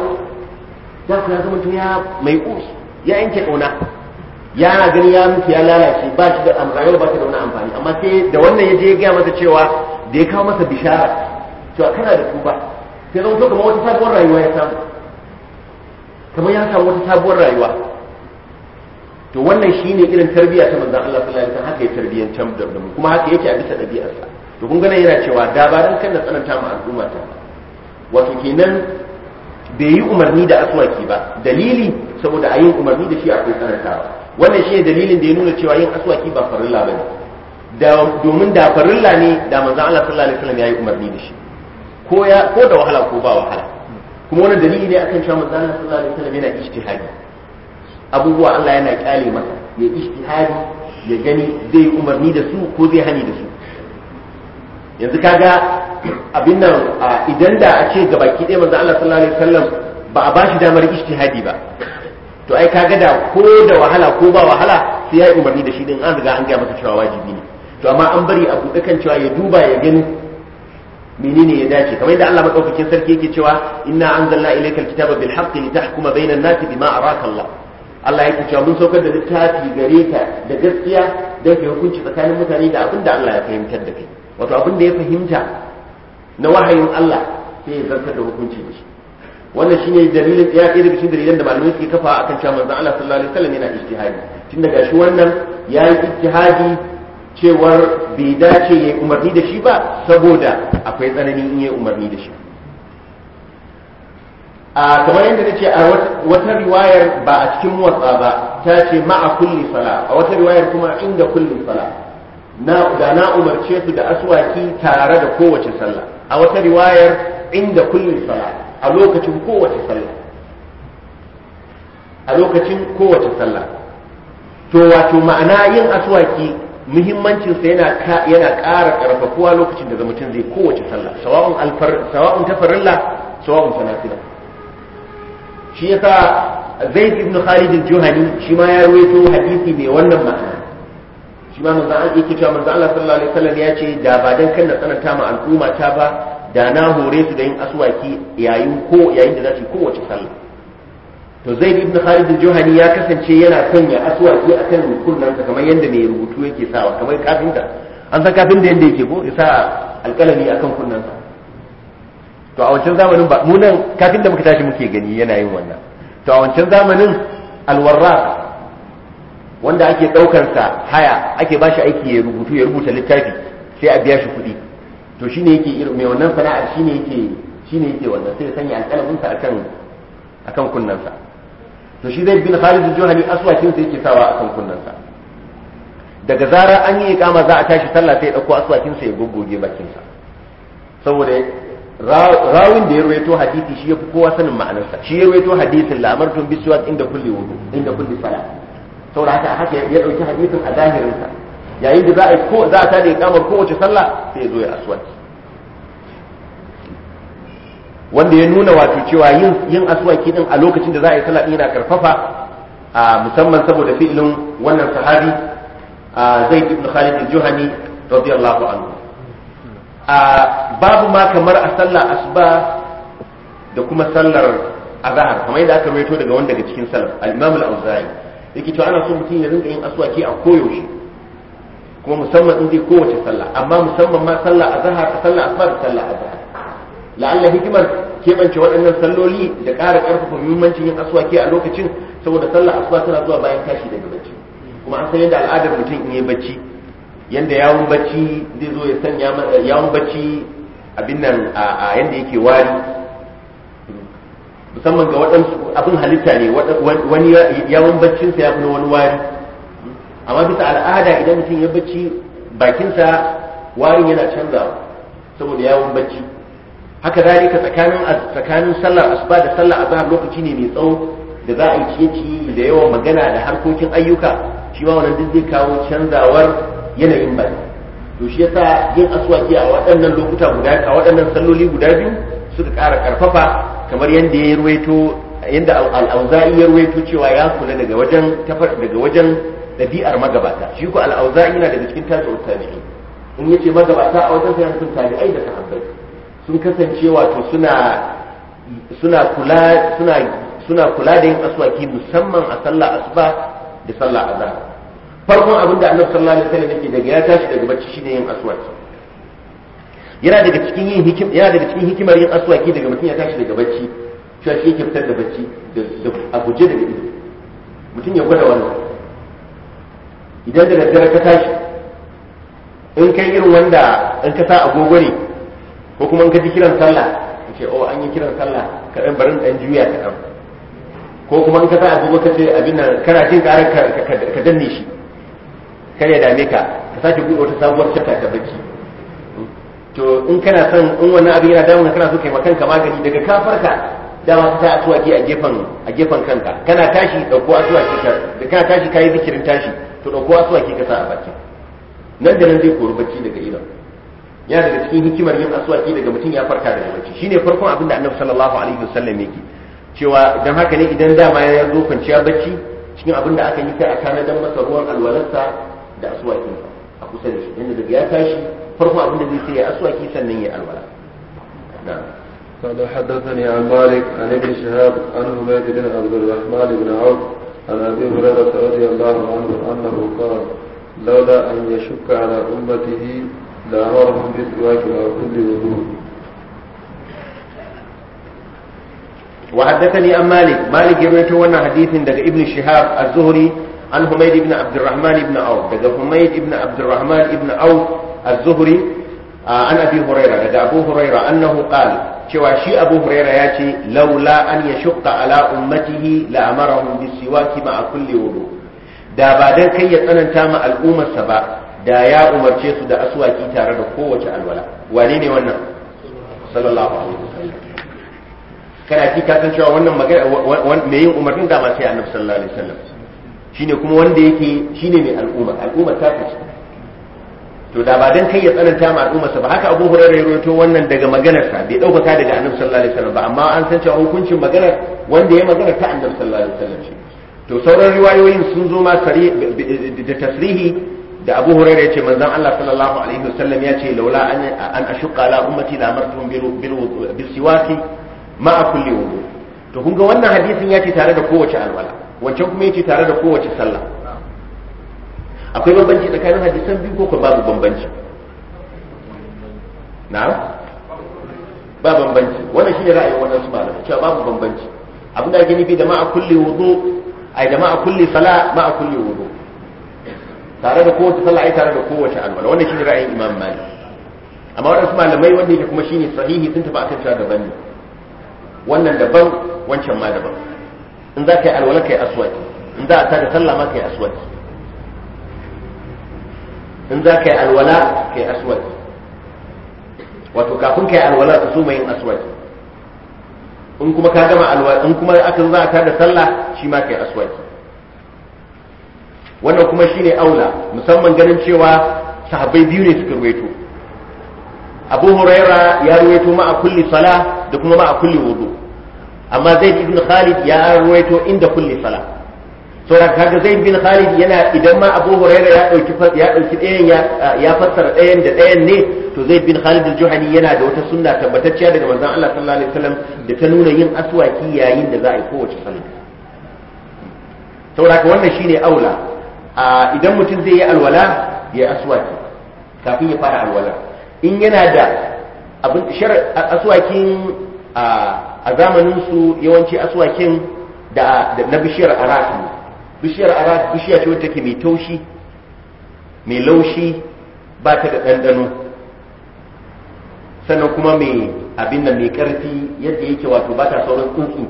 B: da ku ya zama to ya mai us ya yanke kauna yana gani ya mutu ya lalace ba shi da amfani ba shi da wani amfani amma sai da wannan ya je ya gaya masa cewa da ya kawo masa bishara cewa kana da tuba sai zan kuma wata sabuwar rayuwa ya samu kamar ya samu wata sabuwar rayuwa to wannan shine irin tarbiyya ta manzon Allah sallallahu alaihi wasallam haka ya tarbiyantar da mu kuma haka yake a bisa ɗabi'arsa to kun gane yana cewa da ba da kan tsananta ma al'umma ta wato kenan bai yi umarni da aswaki ba dalili saboda a yin umarni da shi akwai karantawa wannan shi ne dalilin da ya nuna cewa yin aswaki ba farilla ba ne domin da farilla ne da manzan Allah sallallahu alaihi wasallam ya yi umarni da shi ko ya ko da wahala ko ba wahala kuma wani dalili ne akan cewa manzan Allah sallallahu alaihi wasallam yana ijtihadi abubuwa Allah yana kyale masa ya ijtihadi ya gani zai yi umarni da su ko zai hani da su yanzu kaga abin nan idan da a ce gabaki ɗaya manzo Allah sallallahu alaihi wasallam ba a bashi damar ijtihadi ba to ai kaga da ko da wahala ko ba wahala sai ya yi umarni da shi din an riga an gaya maka cewa wajibi ne to amma an bari a buɗe kan cewa ya duba ya gani menene ya dace kamar yadda Allah madaukakin sarki yake cewa inna anzalna ilaykal kitaba bil haqqi litahkuma bainan nasi bima araka Allah Allah yake cewa mun saukar da littafi gare ka da gaskiya don ka hukunci tsakanin mutane da abin da Allah ya fahimtar da kai wato abin da ya fahimta na wahayin Allah sai ya zartar da hukunci da shi wannan shine dalilin ya ɗaya daga cikin dalilan da malamai suke kafa akan cewa manzon Allah sallallahu alaihi wasallam yana ijtihadi tun daga shi wannan ya yi ijtihadi cewar bai dace ya umarni da shi ba saboda akwai tsanani in ya umarni da shi a kamar yadda nace a wata riwayar ba a cikin watsa ba ta ce ma'a kulli sala a wata riwayar kuma inda kulli sala na da na umarce su da aswaki tare da kowace sallah a wata riwayar inda kullum sala a lokacin kowace sallah a lokacin kowace sallah to wato ma'ana yin aswaki muhimmancinsa yana yana ƙara ƙarfafuwa lokacin da mutum zai kowace sallah sawa'un alfar sawa'un tafarilla sawa'un sanafila shi yasa zaid ibn khalid al-juhani shi ma ya rawaito hadisi mai wannan ma'ana shi ma manzon Allah yake cewa manzon Allah sallallahu alaihi wasallam ya ce da ba dan kan na tsananta ma al'umma ta ba da na hore su da yin aswaki yayin ko yayin da za su kowace sallah to zaid ibn khalid al-juhani ya kasance yana sanya aswaki akan rukunansa kamar yanda mai rubutu yake sawa kamar kafinta an san kafin da yadda yake ko ya sa alƙalami akan sa to a wancan zamanin ba mu nan kafin da muka tashi muke gani yana yin wannan to a wancan zamanin alwarraq wanda ake ɗaukarsa haya ake ba shi aiki ya rubutu ya rubuta littafi sai a biya shi kuɗi to shine yake irin mai wannan sana'ar shine yake shine yake wannan sai ya sanya alƙalamin sa akan akan kunnansa to shi zai bin Khalid Juhani aswakin sa yake sawa akan kunnensa. daga zara an yi kama za a tashi sallah sai ya dauko aswakin ya goggoge bakin sa saboda rawin da ya rawaito hadisi shi ya fi kowa sanin ma'anarsa shi ya rawaito hadisin lamartun bisuwa inda kulli wudu inda kulli salat saboda haka haka ya dauki hadisin a zahirinsa sa yayin da za a ko za a tada ikamar kowace sallah sai ya zo ya aswaki wanda ya nuna wato cewa yin yin aswaki din a lokacin da za a yi sallah yana karfafa a musamman saboda fi'ilin wannan sahabi zaid ibn khalid al-juhani radiyallahu anhu a babu ma kamar a sallah asba da kuma sallar azhar kamar yadda aka rawaito daga wanda daga cikin salaf al-imam al-auza'i yake to ana so mutum ya rinka yin aswaki a koyaushe kuma musamman in zai kowace sallah amma musamman ma sallah azhar sallah asma da sallah azhar la'alla hikimar keɓance waɗannan salloli da ƙara ƙarfafa muhimmancin yin aswaki a lokacin saboda sallah asuba tana zuwa bayan tashi daga bacci kuma an san yadda al'adar mutum in yi bacci yadda yawun bacci zai zo ya sanya yawun bacci abin nan a yadda yake wari musamman ga waɗansu abin halitta ne wani yawan baccinsa ya fi na wani wari amma bisa al'ada idan mutum ya bacci bakinsa warin yana canzawa saboda yawon bacci haka zalika tsakanin tsakanin sallar asuba da sallar azhar lokaci ne mai tsawo da za a yi ciye da yawan magana da harkokin ayyuka shi ma wannan duk zai kawo canzawar yanayin baki to shi yasa yin aswaki a waɗannan lokuta guda a waɗannan salloli guda biyu suka ƙara ƙarfafa kamar yadda ya ruwaito yadda al'auza'i ya ruwaito cewa ya kula daga wajen daga wajen ɗabi'ar magabata shi ko al'auza'i na daga cikin tabi'u tabi'i in yace magabata a wajen sayan sun tabi'ai da sahabbai sun kasance wato suna suna kula suna suna kula da yin aswaki musamman a sallah asuba da sallah azhar farkon abin da annabi sallallahu alaihi wasallam yake daga ya tashi daga bacci shine yin aswaki yana daga cikin yin hikim yana daga cikin hikimar yin aswaki daga mutum ya tashi daga bacci cewa shi yake fitar da bacci a guje daga ido mutum ya gwada wannan idan da daddare ka tashi in kai irin wanda in ka sa agogo ne ko kuma in ka ji kiran sallah ka ce oh an yi kiran sallah ka dan barin dan juya ka dan ko kuma in ka sa agogo ka ce abin nan kana jin karar ka danne shi kare dame ka ka sake buɗe wata sabuwar shakka ta bacci to in kana son in wannan abin yana damun kana so kai makan ka magani daga ka farka dama ta sa asuwaki a gefen a gefen kanka kana tashi dauko asuwaki ka da kana tashi kai zikirin tashi to dauko asuwaki ka sa a bakin nan da nan zai kori bacci daga idon ya daga cikin hikimar yin asuwaki daga mutum ya farka daga bacci shine farkon abin da annabi sallallahu alaihi wasallam yake cewa dan haka ne idan dama ya zo kwanciya bacci cikin abin da aka yi sai a dan masa ruwan alwalarsa da asuwakinsa a kusa da shi yana daga ya tashi farko abin da zai sai ya aswaki sannan
A: قال حدثني عن مالك عن
B: ابن شهاب عن عبيد بن عبد الرحمن بن عوف
A: عن ابي هريره رضي الله عنه انه قال لولا ان يشك على امته لامرهم بالسواك على كل وضوء وحدثني عن مالك مالك يروي
B: وانا حديث دغ ابن شهاب الزهري عن حميد بن عبد الرحمن بن عوف دغ حميد بن عبد الرحمن بن عوف az-zuhri an abi huraira daga abu huraira annahu qala cewa shi abu huraira ya ce laula an yashqa ala ummatihi la amarahum bisiwaki ma'a kulli wudu da ba dan kai ya tsananta ma al'ummarsa ba da ya umarce su da aswaki tare da kowace alwala wane ne wannan sallallahu alaihi wasallam kana ji ka san cewa wannan magana me yin umarnin da ma sai annabi sallallahu alaihi wasallam shine kuma wanda yake shine mai al'umma al'umma ta fice to da ba dan kai ya tsananta ma al'ummarsa ba haka Abu Hurairah ya rawaito wannan daga maganarsa bai ɗaukaka daga Annabi sallallahu alaihi wasallam ba amma an san cewa hukuncin maganar wanda ya magana ta Annabi sallallahu alaihi wasallam shi to sauran riwayoyin sun zo ma da tasrihi da Abu Hurairah ya ce manzon Allah sallallahu alaihi wasallam ya ce laula an an ashqa ala ummati la martum bil siwaki ma kulli wudu to kun ga wannan hadisin ya ce tare da kowace alwala wancan kuma ya tare da kowace sallah akwai bambanci tsakanin hadisan biyu ko babu bambanci na'am ba bambanci wannan shine ra'ayin wannan su malamai cewa babu bambanci abin da ake nufi da ma'a kulli wudu ai da ma'a kulli sala ma'a kulli wudu tare da kowace sallah ai tare da kowace alwala wannan shine ra'ayin imam malik amma wannan wadansu malamai wanda yake kuma shine sahihi sun tafi akan cewa daban ne wannan daban wancan ma daban in za ka yi alwala ka yi aswaki in za a tada sallah ma ka yi aswaki in za ka yi alwala ka yi aswad wato kafin ka yi alwala ka so yin aswad in kuma ka gama alwala in kuma aka za ka da sallah shi ma ka yi aswad wannan kuma shine aula musamman ganin cewa sahabbai biyu ne suka ruwaito abu huraira ya ruwaito ma a kulli sala da kuma ma a kulli wudu amma zaid ibn khalid ya ruwaito inda kulli sala to kaga zai bin khalid yana idan ma abu huraira ya dauki ya dauki ɗayan ya fassara ɗayan da ɗayan ne to zai bin khalid al-juhani yana da wata sunna tabbatacciya daga manzon Allah sallallahu alaihi wasallam da ta nuna yin aswaki yayin da za a yi kowace sallah saboda wannan shine aula idan mutum zai yi alwala ya aswaki kafin ya fara alwala in yana da abin shar aswakin a zamanin su yawanci aswakin da na bishiyar arasu bishiyar ara, bishiya ce wadda take mai taushi mai laushi ba ta da ɗanɗano sannan kuma mai abin da mai ƙarfi yadda yake wato ba ta sauran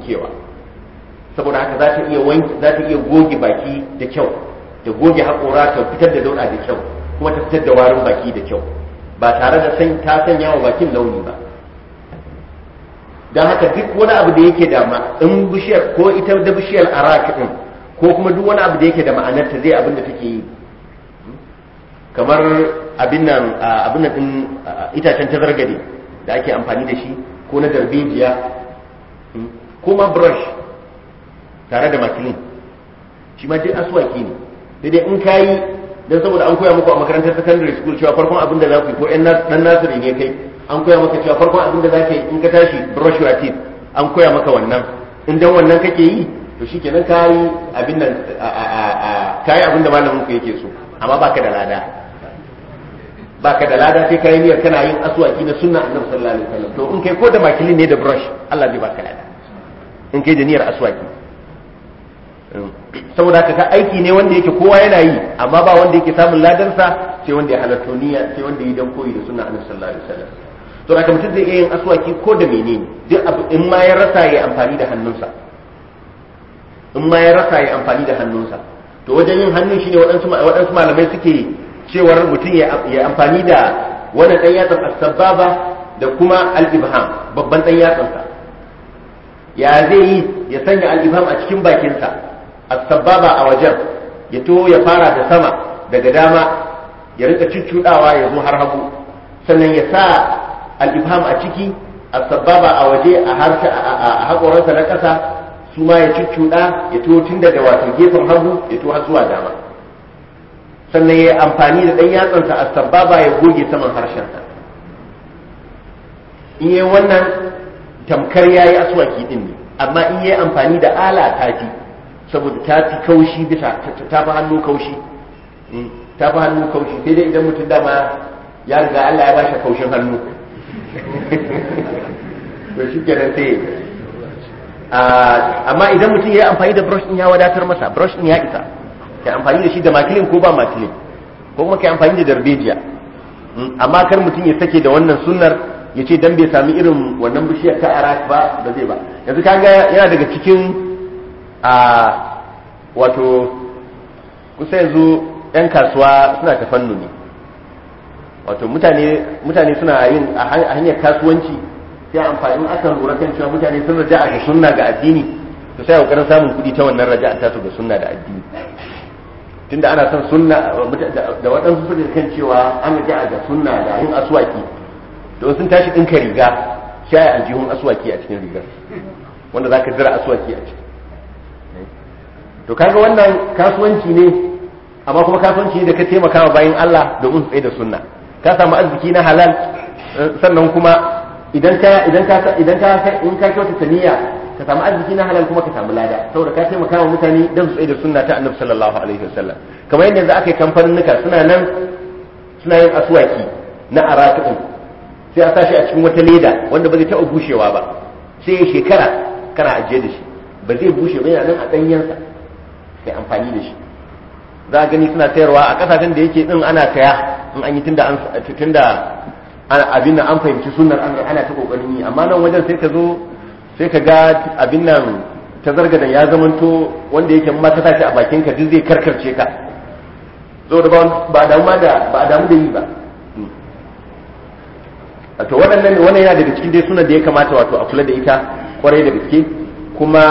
B: kewa saboda haka za ta iya goge baki da kyau ta goge haƙora ta fitar da dauɗa da kyau kuma ta fitar da warin baki da kyau ba tare da san ta sanya wa bakin launi ba don haka duk wani abu da yake dama in bishiyar ko ita da bishiyar arak din ko kuma duk wani abu da yake da ma'anar ta zai abin da take yi kamar abin nan abin nan itacen tazargade da ake amfani da shi ko na darbejiya hmm, ko ma brush tare da makilin shi ma duk aswaki ne dai in kayi don saboda an koya muku a makarantar secondary school cewa farkon abin da za ku yi ko ɗan nasiri ne kai an koya maka cewa farkon abin da za ka yi in ka tashi brush your teeth an koya maka wannan in dan wannan kake yi to shi kenan kayi abin nan kayi abin da malamin ku yake so amma baka da lada baka da lada sai kayi niyyar kana yin aswaki na sunna annabi sallallahu alaihi wasallam to in kai ko da makilin ne da brush Allah zai baka lada in kai da niyyar aswaki saboda ka aiki ne wanda yake kowa yana yi amma ba wanda yake samun ladan sa, sai wanda ya halatto niyya sai wanda ya dan koyi da sunna annabi sallallahu alaihi wasallam to da mutum zai iya yin aswaki ko da menene duk abu in ma ya rasa ya amfani da hannunsa in ma ya rasa ya amfani da hannunsa to wajen yin hannun shine waɗansu waɗansu malamai suke cewar mutum ya amfani da wannan ɗan yatsan as da kuma al'ibham babban ɗan yatsansa ya zai yi ya sanya al a cikin bakinsa as a wajen ya to ya fara da sama daga dama ya rika cuccudawa ya zo har hagu sannan ya sa al'ibham a ciki asabbaba a waje a haƙoransa na ƙasa su ma ya cuccuɗa ya to tun daga wato gefen hagu ya to har zuwa dama sannan ya yi amfani da ɗan yatsansa a sababa ya goge saman harshen in yi wannan tamkar ya yi aswaki ɗin ne amma in yi amfani da ala tafi saboda ta fi kaushi bisa ta fi hannu kaushi hmm, ta hannu kaushi sai dai idan mutum dama ya riga Allah ya shi kaushin hannu [laughs] to shi kenan sai Ah, amma idan mutum ya yi amfani da brush din ya wadatar masa brush din ya isa ka amfani da shi da makilin ko ba makilin ko kuma ka amfani da darbejiya hmm, amma kar mutum ya sake da wannan sunnar ya ce dan bai sami irin wannan bishiyar ta arak ba ba zai ba yanzu kaga yana daga cikin a ah, wato kusa yanzu yan kasuwa suna ta fannu ne wato mutane mutane suna yin a hanyar kasuwanci sai amfani aka lura kan cewa mutane sun raja'a ga sunna ga addini to sai kokarin samun kuɗi ta wannan raja'a ta su ga sunna da addini tunda ana son sunna da waɗansu suka kan cewa an raja'a ga sunna da yin aswaki to sun tashi ɗinka riga shaye aljihun aswaki a cikin rigar wanda za ka jira aswaki a ciki to kaga wannan kasuwanci ne amma kuma kasuwanci ne da ka taimaka wa bayan Allah domin su tsaye da sunna ka samu arziki na halal eh, sannan kuma idan ka idan ka idan ka in ka kyauta taniya ka samu arziki na halal kuma ka samu lada saboda ka taimaka wa mutane dan su da sunna ta annabi sallallahu alaihi wasallam kamar yadda yanzu aka yi kamfaninnuka suna nan suna yin aswaki na arakin sai a sashi a cikin wata leda wanda ba zai taɓa bushewa ba sai ya shekara kana ajiye da shi ba zai bushe ba yana nan a ɗanyensa sai amfani da shi za a gani suna sayarwa a ƙasashen da yake din ana saya in an yi tunda ana abin nan an fahimci sunnar an ana ta kokarin yi amma nan wajen sai ka zo sai ka ga abin nan ta zargada ya zamanto wanda yake ma ta tashi a bakin ka duk zai karkarce ka saboda ba damu da ba damu da yi ba hmm. to waɗannan wannan yana daga cikin dai sunan da ya kamata wato a kula da ita kwarai da gaske kuma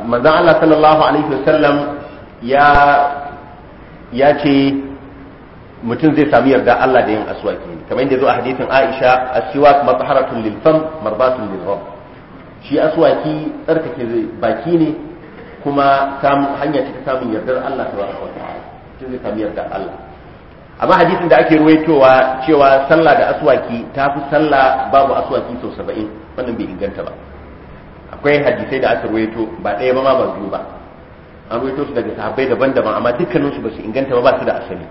B: manzon Allah sallallahu alaihi wasallam ya ya ce mutum zai sami yarda Allah da yin aswaki kamar yadda zo a hadithin Aisha as-siwak lil fam marbatun lil rabb shi aswaki tsarkake baki ne kuma hanya ta samun yardar Allah ta wa mutum zai sami yarda Allah amma hadisin da ake ruwaitowa cewa sallah da aswaki ta fi sallah babu aswaki sau saba'in wannan bai inganta ba akwai hadisai da aka ruwaito ba ɗaya ba ma ba biyu ba an ruwaito su daga sahabbai daban-daban amma dukkaninsu ba su inganta ba ba su da asali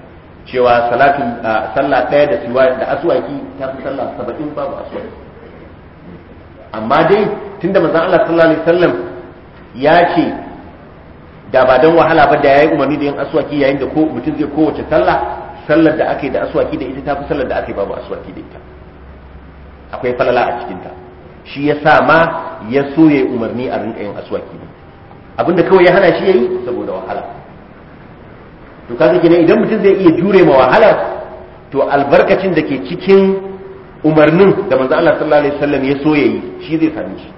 B: cewa salatin sallah ɗaya da siwa da aswaki ta fi sallah saba'in babu aswaki amma dai tunda manzon Allah sallallahu alaihi wasallam ya ce da ba don wahala ba da yayi umarni da yin aswaki yayin da ko mutum zai kowace sallah sallar da ake da aswaki da ita ta fi sallar da ake babu aswaki da ita akwai falala a cikin ta shi ya sa ma ya so ya yi umarni a rinka yin aswaki abinda kawai ya hana shi yayi saboda wahala to kaga kenan idan mutum zai iya jure ma wahala to albarkacin da ke cikin umarnin da manzo Allah sallallahu alaihi wasallam ya so yayi shi zai same shi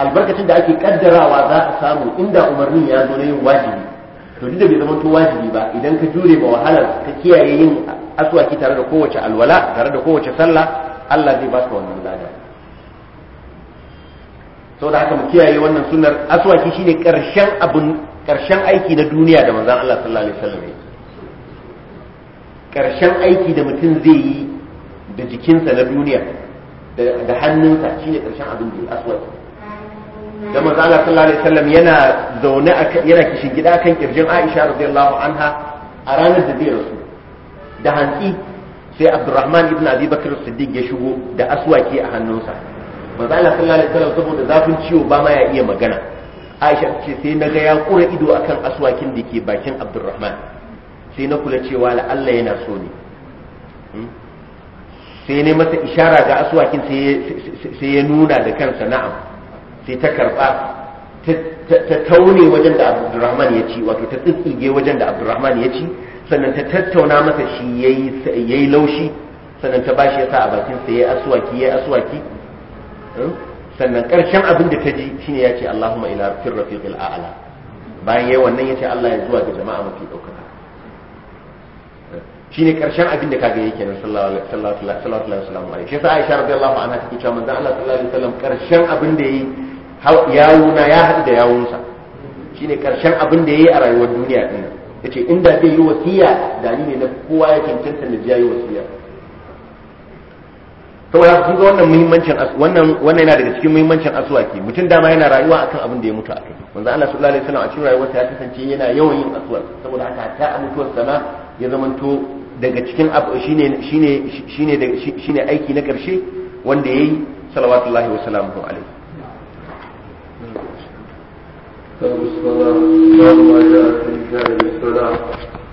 B: albarkacin da ake kaddarawa za ka samu inda umarnin ya zo na yin wajibi to duk da bai zama to wajibi ba idan ka jure ma wahala ka kiyaye yin aswaki tare da kowace alwala tare da kowace sallah Allah zai baka wannan lada da haka mu kiyaye wannan sunar aswaki shine karshen abun karshen aiki na duniya da manzon Allah sallallahu alaihi wasallam karshen aiki da mutum zai yi da jikinsa na duniya da hannunsa shine karshen abin da aswaki da manzon Allah sallallahu alaihi wasallam yana zaune yana kishin gida kan kirjin Aisha radiyallahu anha a ranar da zai rasu da hantsi sai Abdurrahman ibn Abi Bakr Siddiq ya shigo da aswaki a hannunsa manzo Allah sallallahu alaihi wasallam saboda zafin ciwo ba ma ya iya magana Aisha ce sai na ga ya kura ido akan aswakin da ke bakin Abdurrahman sai na kula cewa la Allah yana so ne hmm? sai ne masa ishara ga aswakin sai ya nuna da kansa na'am sai ta karba ta taune wajen da Abdurrahman ya ci wato ta tsitsige wajen da Abdurrahman ya ci sannan ta tattauna masa shi yayi laushi sannan ta bashi ya sa a bakin sai ya aswaki ya aswaki sannan karshen abin da ta ji shine ya ce Allahumma ila fir rafiqil a'la bayan yayin wannan ya ce Allah ya zuwa ga jama'a mafi daukaka shine karshen abin da kaga yake nan sallallahu alaihi wasallam sai sa Aisha radiyallahu anha take cewa manzo Allah sallallahu alaihi wasallam karshen abin da yayi yawuna ya haɗu da yawunsa shine karshen abin da yayi a rayuwar duniya din yace inda zai yi wasiya da ni ne na kowa ya cancanta na ji yayi wasiya saboda sun ga wannan muhimmancin wannan wannan yana daga cikin muhimmancin aswaki mutum dama yana rayuwa akan abin da ya mutu kai manzo Allah sallallahu alaihi wasallam a cikin rayuwarsa ya kasance yana yawan yin aswaki saboda haka ta a mutuwar sana ya zamanto daga cikin abu shine shine shine shine aiki na karshe wanda yayi sallallahu wa alaihi wasallam
A: الصلاة باب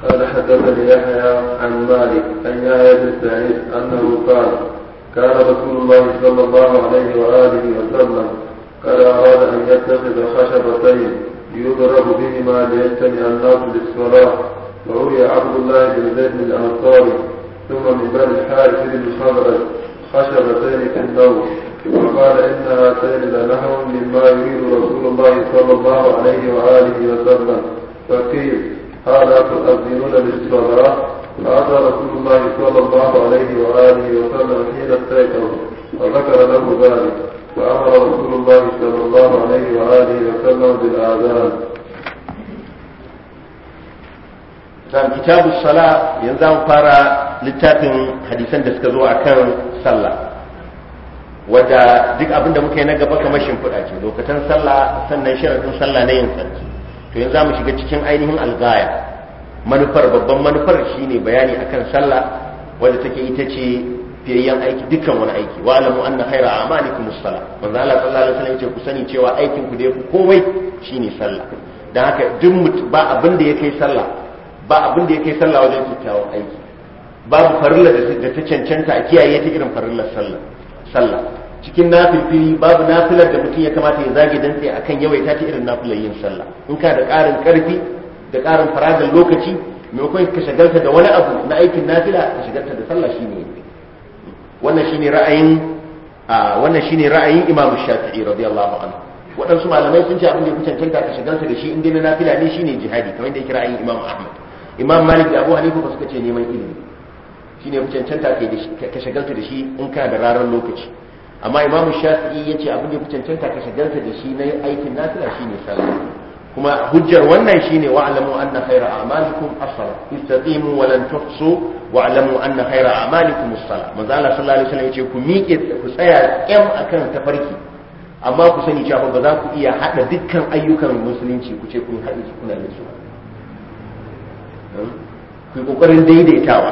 A: قال حدثني يحيى عن مالك عن يحيى بن سعيد أنه قال كان رسول الله صلى الله عليه وآله وسلم قد أراد أن يتخذ خشبتين يضرب بهما ليجتمع الناس للصلاة وروي عبد الله بن زيد الأنصاري ثم من بني الحارث بن خضرج خشبتين في النوم وقال إن هاتين لنهر مما يريد رسول الله صلى الله عليه وآله وسلم فقيل هذا تؤذنون للصلاة فأتى رسول الله صلى الله عليه وآله وسلم حين استيقظ له ذلك فأمر رسول الله صلى الله عليه وآله وسلم بالآذان
B: dan kitabu sala yanzu an fara littafin hadisan da suka zo a kan sallah wadda duk abin da muka yi na gaba kamar shimfiɗa ce lokacin sallah sannan sharaɗin sallah na yin tsarki to yanzu mu shiga cikin ainihin algaya manufar babban manufar shine bayani akan sallah wanda take ita ce fiyayyen aiki dukkan wani aiki wa alamu anna khaira amalikum as-salah manzo Allah sallallahu alaihi wasallam ce ku sani cewa aikin ku da yafi komai shine sallah dan haka duk ba abin da kai sallah ba abin da kai sallah wajen kyakkyawan aiki babu farilla da ta cancanta a kiyaye ta irin farillar sallah sallah cikin nafilfili babu nafilar da mutum ya kamata ya zage dantse akan yawaita ta irin nafilar yin sallah in ka da ƙarin ƙarfi da ƙarin farajin lokaci maimakon ka shagalta da wani abu na aikin nafila ka shagalta da sallah shine wannan shine ra'ayin wannan shine ra'ayin Imam Shafi'i radiyallahu anhu waɗansu malamai sun ce abin da ya cancanta ka shagalta da shi in dai na nafila ne shine jihadi kamar da yake ra'ayin Imam Ahmad Imam Malik da Abu Hanifa ba suka ce neman ilimi shine ya cancanta ka shagalta da shi in ka da rarar lokaci amma Imam Shafi'i ce abin da ya cancanta ka shagalta da shi na aikin nafila shine sallah kuma hujjar wannan shine alamu anna khayra a'malikum as istaqimu wa lan tuhsu alamu anna khayra a'malikum as-salah manzo Allah sallallahu alaihi wasallam yace ku miƙe ku tsaya kyam akan tafarki amma ku sani cewa ba za ku iya hada dukkan ayyukan musulunci ku ce kun haɗe su kuna yin su hmm? ku yi kokarin daidaitawa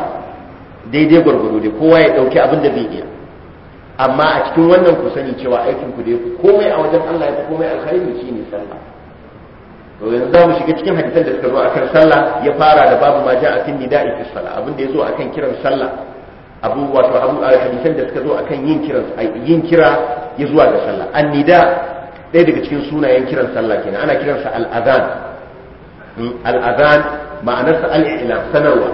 B: daidai gwargwaro dai kowa ya dauki abin da bai iya amma a cikin wannan ku sani cewa aikin ku da komai a wajen Allah ya komai alkhairi shine sallah to yanzu za mu shiga cikin hadisan da suka zo akan sallah ya fara da babu ma ja'a fin nida'i fi sallah abin da yazo akan kiran sallah abu wato abu hadisan da suka zo akan yin kiran yin kira ya zuwa ga sallah an nida ɗaya daga cikin sunayen kiran sallah kenan ana kiransa al-adhan hmm, al-adhan ma'anarsa al-i'lam sanarwa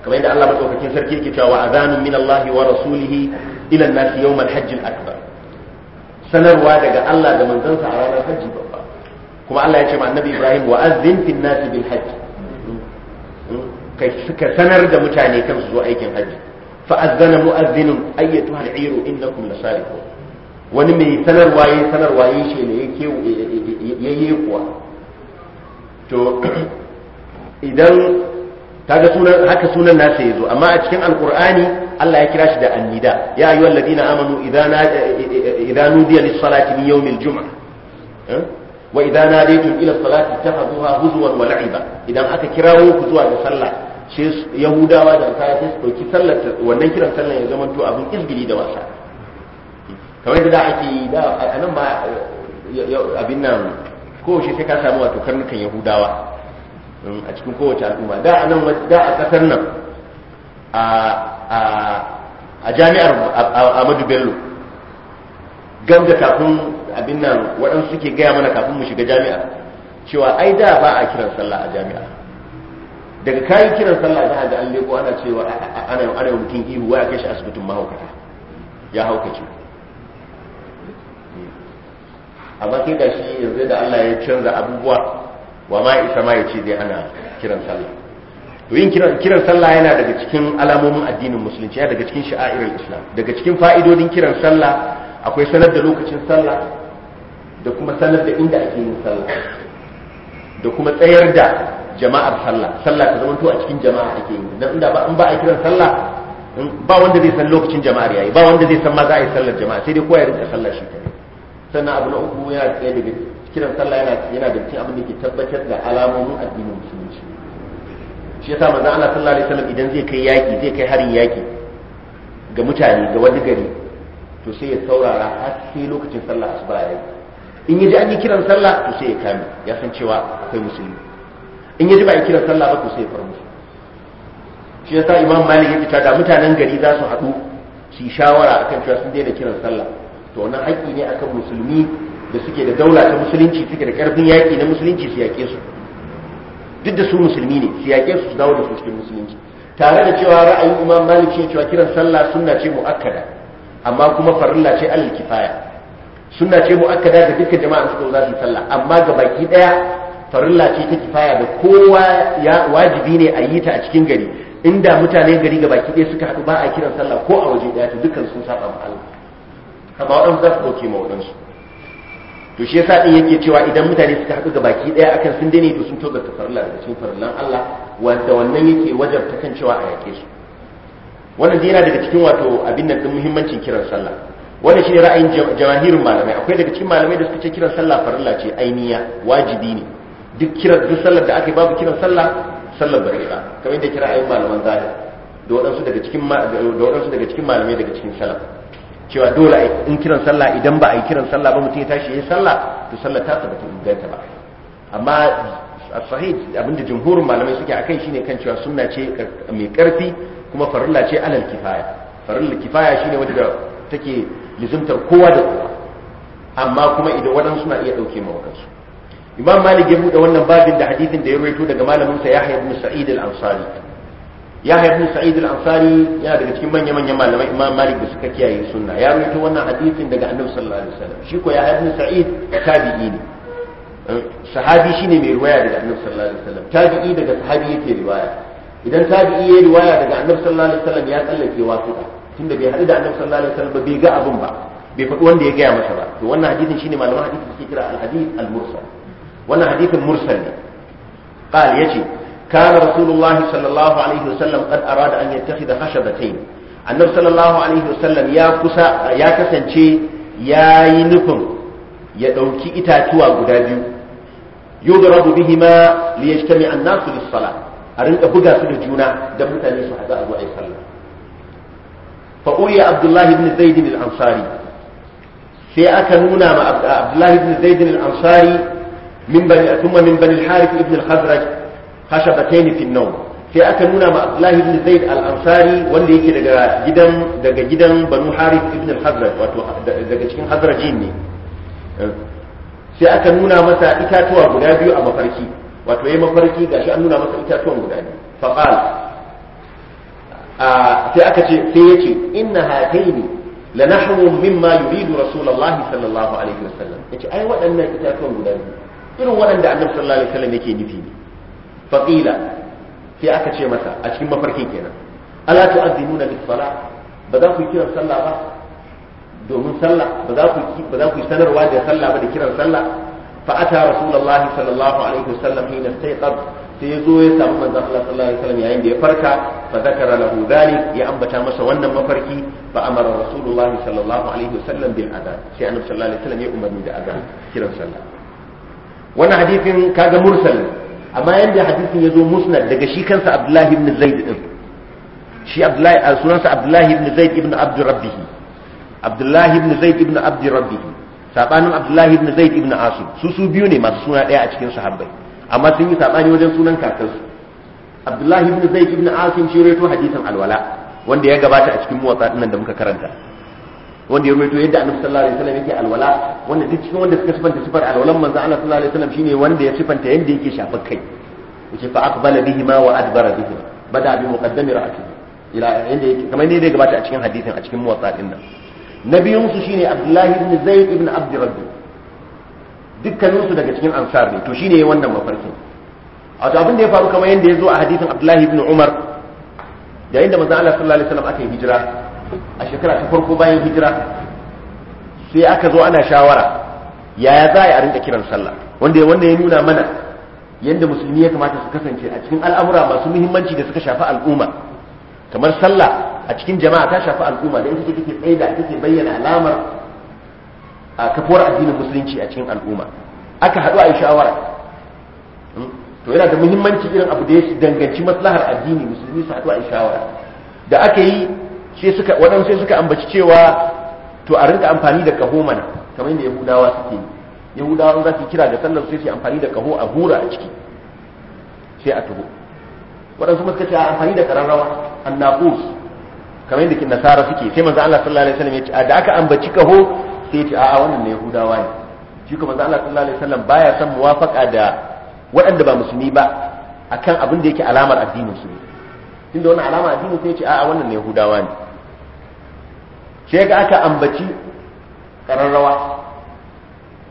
B: kamar yadda Allah madaukakin sarki yake cewa azanun min Allah wa rasulihi ila an-nas yawm al-hajj al-akbar sanarwa daga Allah da sa a ranar hajji ba kuma Allah ya ce ma annabi Ibrahim wa azzin fil nas bil hajj hmm? kai suka sanar da mutane kan su zo aikin hajji fa azzana mu'azzinun ayyatu al iru innakum lasariqun wani mai sanarwa yayi sanarwa yayi shi ne yake yayi kuwa to [clears throat] idan kaga sunan haka sunan nasa yazo amma a cikin alqur'ani Allah ya kira shi da annida ya ayyuhal ladina amanu idza eh, eh, eh, idza nudiya lis salati min yawmil jum'ah hmm? wa idan na nadaytum ila salati takhaduha huzwan wa la'iba idan aka kirawo ku zuwa da sallah sai yahudawa da nasara sai su dauki sallar wannan kiran sallar ya zama to abin izgili da wasa kamar da ake yi da a nan ma abin nan kowace sai ka samu wato karnukan yahudawa mm, a cikin kowace al'umma da a da a kasar nan a jami'ar amadu bello gamda kafin abin nan waɗansu suke gaya mana kafin mu shiga jami'a cewa ai da ba a kiran sallah a jami'a daga kayan kiran sallah za a ga an leko ana cewa ana yau ana mutum ihu waya kai shi asibitin mahaukata ya haukace amma sai ga shi yanzu da Allah ya canza abubuwa wa ma isa ma ya ce zai ana kiran sallah to yin kiran sallah yana daga cikin alamomin addinin musulunci yana daga cikin sha'airar islam daga cikin fa'idodin kiran sallah akwai sanar da lokacin sallah da kuma sanar da inda ake yin sallah da kuma tsayar da jama'ar sallah sallah ta zama a cikin jama'a ake yi dan inda ba in ba a kiran sallah ba wanda zai san lokacin jama'ar yayi ba wanda zai san ma za a yi sallar jama'a sai dai kowa ya rinka sallah shi kadai sannan abu na uku yana tsaye daga kiran sallah yana yana da cikin abin da ke tabbatar da alamomin addinin musulunci shi yasa manzo Allah sallallahu alaihi wasallam idan zai kai yaki zai kai harin yaki ga mutane ga wani gari to sai ya saurara har sai lokacin sallah asuba yayi in ya ji an yi kiran sallah to sai ya kame ya san cewa akwai musulmi in ya ji ba a yi kiran sallah ba to sai ya faru, musu shi yasa imam malik ya fita da mutanen gari za su haɗu su yi shawara akan cewa sun daina kiran sallah to wannan haƙƙi ne akan musulmi da suke da daula ta musulunci suke da ƙarfin yaƙi na musulunci su yaƙe su duk da su musulmi ne su yaƙe su su dawo da su cikin musulunci tare da cewa ra'ayin imam malik shi cewa kiran sallah sunna ce mu'akkada amma kuma farilla ce alal kifaya sunna ce mu'akkada da dukkan jama'a suka za su sallah amma ga baki daya farilla ce ta kifaya da kowa ya wajibi ne a yi ta a cikin gari inda mutane gari ga baki daya suka haɗu ba a kiran sallah ko a waje daya to dukkan sun saba ma Allah amma waɗansu za su ɗauke ma waɗansu to shi yasa din yake cewa idan mutane suka haɗu ga baki daya akan sun dane to sun tauga ta farilla daga cikin farillan Allah wanda wannan yake ta kan cewa a yake su wannan dai yana daga cikin wato abin nan din muhimmancin kiran sallah wannan shine ra'ayin jawahirin malamai akwai daga cikin malamai da suka ce kiran sallah farilla ce ainiya wajibi ne duk kiran duk sallar da aka yi babu kiran sallah sallar bari ba kamar yadda kira ayin malaman zahir da waɗansu daga cikin da waɗansu daga cikin malamai daga cikin salaf cewa dole in kiran sallah idan ba a yi kiran sallah ba mutum ya tashi yayin sallah to sallar ta tabbata inganta ba amma sahih abinda jumhurin malamai suke akan shine kan cewa sunna ce mai karfi kuma farilla ce alal kifaya farilla kifaya shine wanda take lizimtar kowa da kowa amma kuma idan waɗansu na iya ɗauke ma wakansu imam malik ya buɗe wannan babin da hadithin da ya rawaito daga malaminsa yahya ibn sa'id al-ansari yahya ibn sa'id al-ansari yana daga cikin manya manyan malamai imam malik da suka kiyaye sunna ya rawaito wannan hadithin daga annabi sallallahu alaihi wasallam shi ko yahya ibn sa'id tabi'i ne eh, sahabi shine mai riwaya daga annabi sallallahu alaihi wasallam tabi'i daga sahabi yake riwaya idan tabi'i ya riwaya daga annabi sallallahu alaihi wasallam ya tsallake wasu tunda bai haɗu da annabi sallallahu alaihi wasallam bai ga abun ba bai faɗi wanda ya gaya masa ba to wannan hadisin shine malaman hadisi suke kira al-hadith al-mursal wannan hadisin mursal ne qal yace kana rasulullahi sallallahu alaihi wasallam qad arada an yattakhidha khashabatayn annabi sallallahu alaihi wasallam ya kusa ya kasance yayi nufin ya dauki itatuwa guda biyu yudrabu bihima liyajtami'a an-nasu lis-salah a rinka buga su da juna da mutane su haɗu a zuwa fa abdullahi ibn zaid al-ansari sai aka nuna ma abdullahi ibn zaid al-ansari min bani thumma min bani al-harith ibn al-khazraj khashabatayn fi an-nawm sai aka nuna ma abdullahi ibn zaid al-ansari wanda yake daga gidan daga gidan banu harith ibn al-khazraj wato daga cikin khazrajin ne sai aka nuna masa itatuwa guda biyu a mafarki wato yayi mafarki gashi an nuna masa itatuwan guda biyu faqala sai aka ce sai yace inna hataini la nahwun mimma yuridu rasulullah sallallahu alaihi wasallam yace ai waɗannan itatuwan guda biyu irin waɗanda annabi sallallahu alaihi wasallam yake nufi ne faqila sai aka ce masa a cikin mafarkin kenan ala tu'adzinuna bis sala ba za ku yi kiran sallah ba domin sallah ba za ku ba za ku sanarwa da sallah ba da kiran sallah fa ata rasulullah sallallahu alaihi wasallam hina istayqad sai ya zo ya samu manzon Allah sallallahu alaihi wasallam yayin da ya farka fa zakara lahu dhalik ya ambata masa wannan mafarki fa amara rasulullahi sallallahu alaihi wasallam bil adhan sai annabi sallallahu alaihi wasallam ya umarni da adhan kiran sallah wannan hadisin kaga mursal amma yanda hadisin ya zo musnad daga shi kansa Abdullahi ibn Zaid din shi Abdullahi sunansa Abdullahi ibn Zaid ibn Abd Rabbih Abdullahi ibn Zaid ibn Abd Rabbih sabanin Abdullahi ibn Zaid ibn Asim su su biyu ne masu suna daya a cikin sahabbai amma sun yi sabani wajen sunan kakansu abdullahi ibn zaid ibn asim shi rawaito hadisan alwala wanda ya gabata a cikin muwatta dinnan da muka karanta wanda ya rawaito yadda annabi sallallahu alaihi wasallam yake alwala wanda duk cikin wanda suka sifanta sifar alwalan manzo Allah sallallahu alaihi wasallam shine wanda ya sifanta yanda yake shafar kai yace fa aqbala bihi ma wa adbara bihi bada bi muqaddami ra'ati ila yanda yake kamar ne da ya gabata a cikin hadisin a cikin muwatta dinnan nabiyun su shine abdullahi ibn zaid ibn abd rabbi dukkaninsu daga cikin ansar ne to shine wannan mafarkin to abin da ya faru kamar yadda ya zo a hadisin abdullahi ibn umar yayin da manzo Allah sallallahu alaihi wasallam aka yi hijira a shekara ta farko bayan hijira sai aka zo ana shawara yaya za a rinka kiran sallah wanda wanda ya nuna mana yadda musulmi ya kamata su kasance a cikin al'amura masu muhimmanci da suka shafi al'umma kamar sallah a cikin jama'a ta shafi al'umma da ita take tsaida take bayyana alamar a kafuwar addinin musulunci a cikin al'umma aka haɗu a yi shawara hmm? to yana da muhimmanci irin abu da ya danganci maslahar addini musulmi su haɗu a yi shawara da aka yi sai suka waɗansu sai suka ambaci cewa to a rinka amfani da kaho mana kamar yadda yahudawa suke yi yahudawa za su kira da sallar sai su amfani da kaho a hura a ciki sai a tuho waɗansu suka ce a amfani da ƙararrawa annaqus kamar yadda kin nasara suke sai manzo Allah sallallahu alaihi wasallam ya ce da aka ambaci kaho sai ce a'a wannan ne yahudawa ne shi kuma manzo Allah sallallahu alaihi wasallam baya son muwafaka da waɗanda ba musulmi ba akan abin da yake alamar addinin su ne tunda wannan alama addinin sai ce a'a wannan ne yahudawa ne sai ga aka ambaci kararrawa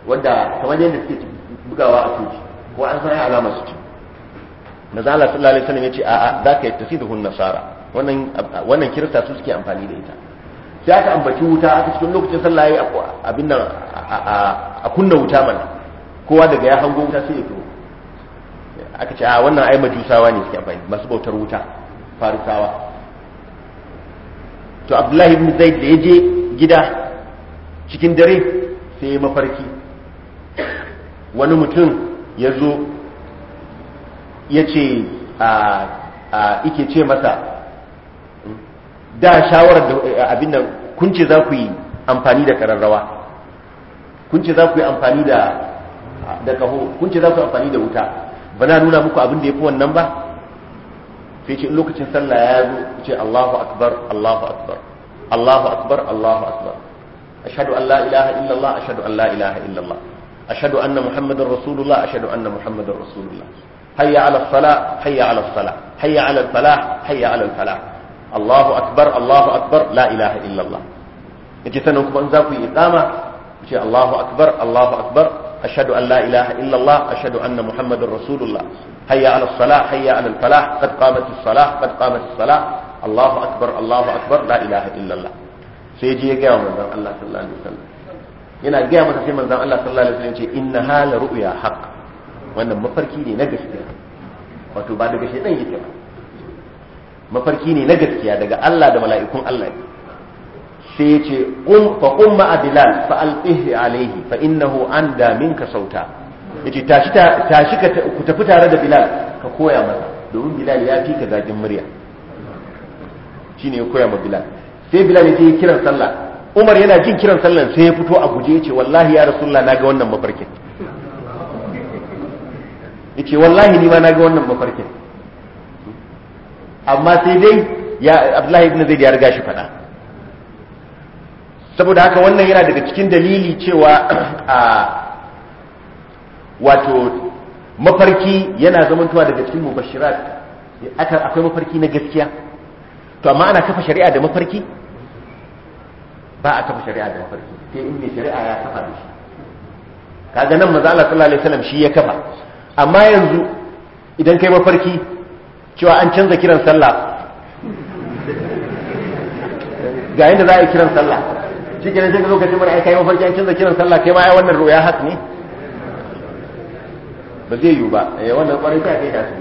B: wanda kamar yadda suke bugawa a coci ko an san alamar su ce manzo Allah sallallahu alaihi wasallam ya ce a'a zaka yi tasidhun nasara wannan wannan kirista su suke amfani da ita sai aka ambaci wuta aka cikin lokacin sallah yayi abin nan a kunna wuta mana kowa daga ya hango wuta sai ya fito aka ce a wannan ai majusawa ne suke amfani masu bautar wuta farisawa to abdullahi ibn zaid da ya je gida cikin dare sai ya mafarki wani mutum ya zo ya ce a ike ce masa da shawarar da eh, abin da kun ce za ku yi amfani da kararrawa kun ce za ku yi amfani da da kaho kun ce za ku yi amfani da wuta ba na nuna muku abin da ya fi wannan ba fi ce lokacin sallah ya zo ce Allahu akbar Allahu akbar Allahu akbar Allahu akbar ashhadu an la ilaha illallah ashhadu an la ilaha illallah ashhadu anna muhammadar rasulullah ashhadu anna muhammadar rasulullah hayya ala sala hayya ala sala hayya ala sala hayya ala sala. Allahu akbar Allahu akbar la ilaha illallah yace sannan kuma in za ku yi iqama yace Allahu akbar Allahu akbar ashhadu an la ilaha illallah ashhadu anna muhammadar rasulullah hayya ala salah hayya ala falah qad qamat as-salah qad qamat as-salah Allahu akbar Allahu akbar la ilaha illallah sai je ya ga manzon Allah sallallahu alaihi wasallam yana ga masa sai manzon Allah sallallahu alaihi wasallam ce inna hala ru'ya haqq wannan mafarki ne na gaskiya wato ba daga shaydan yake ba mafarki ne na gaskiya daga Allah da mala'ikun Allah sai ya ce um fa umma alaihi fa alqihi alayhi fa da min ka sauta ya tashi tashi ka ku tafi tare da bilal ka koya masa domin bilal ya fi ka zagin murya ne ya koya ma bilal sai bilal ya ce kiran sallah umar yana jin kiran sallah sai ya fito a guje ya ce wallahi ya na ga wannan mafarkin yace wallahi ni ma ga wannan mafarkin amma sai dai ya abdullahi ibn zaid ya riga shi faɗa saboda haka wannan yana daga cikin dalili cewa [clears throat] a wato mafarki yana zamantowa daga cikin mubashirat akwai mafarki na gaskiya to amma ana kafa shari'a da mafarki ba a kafa shari'a da mafarki sai in mai shari'a ya kafa da shi kaga nan maza Allah sallallahu alaihi wasallam shi ya kafa amma yanzu idan kai mafarki cewa an canza kiran sallah
C: ga yadda za a yi kiran sallah
B: shi kenan sai ka zo ka ce mana ai mafarki an canza kiran sallah kai ma ai wannan ruya hat ne ba zai yiwu ba ya eh, wannan kwarai ta kai da su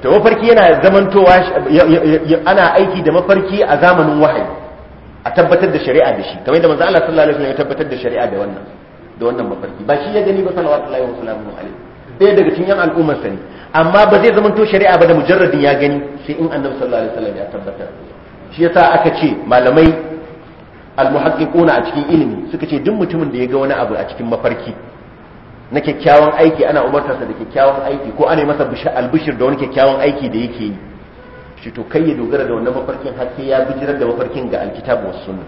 B: to mafarki yana zamantowa ana aiki da mafarki a zamanin wahayi a tabbatar da shari'a da shi kamar yadda manzo Allah sallallahu alaihi wasallam ya tabbatar da shari'a da wannan da wannan mafarki ba shi ya gani ba sallallahu alaihi wasallam alaihi ɗaya daga cikin yan al'ummar sani amma ba zai zama to shari'a ba da mujarradin ya gani sai in annabi sallallahu alaihi wasallam ya tabbatar shi yasa aka ce malamai almuhaqqiquna a cikin ilimi suka ce duk mutumin da ya ga wani abu a cikin mafarki na kyakkyawan aiki ana sa da kyakkyawan aiki ko ana masa albishir da wani kyakkyawan aiki da yake yi shi to kai ya dogara da wannan mafarkin har sai ya bijirar da mafarkin ga alkitabu was sunna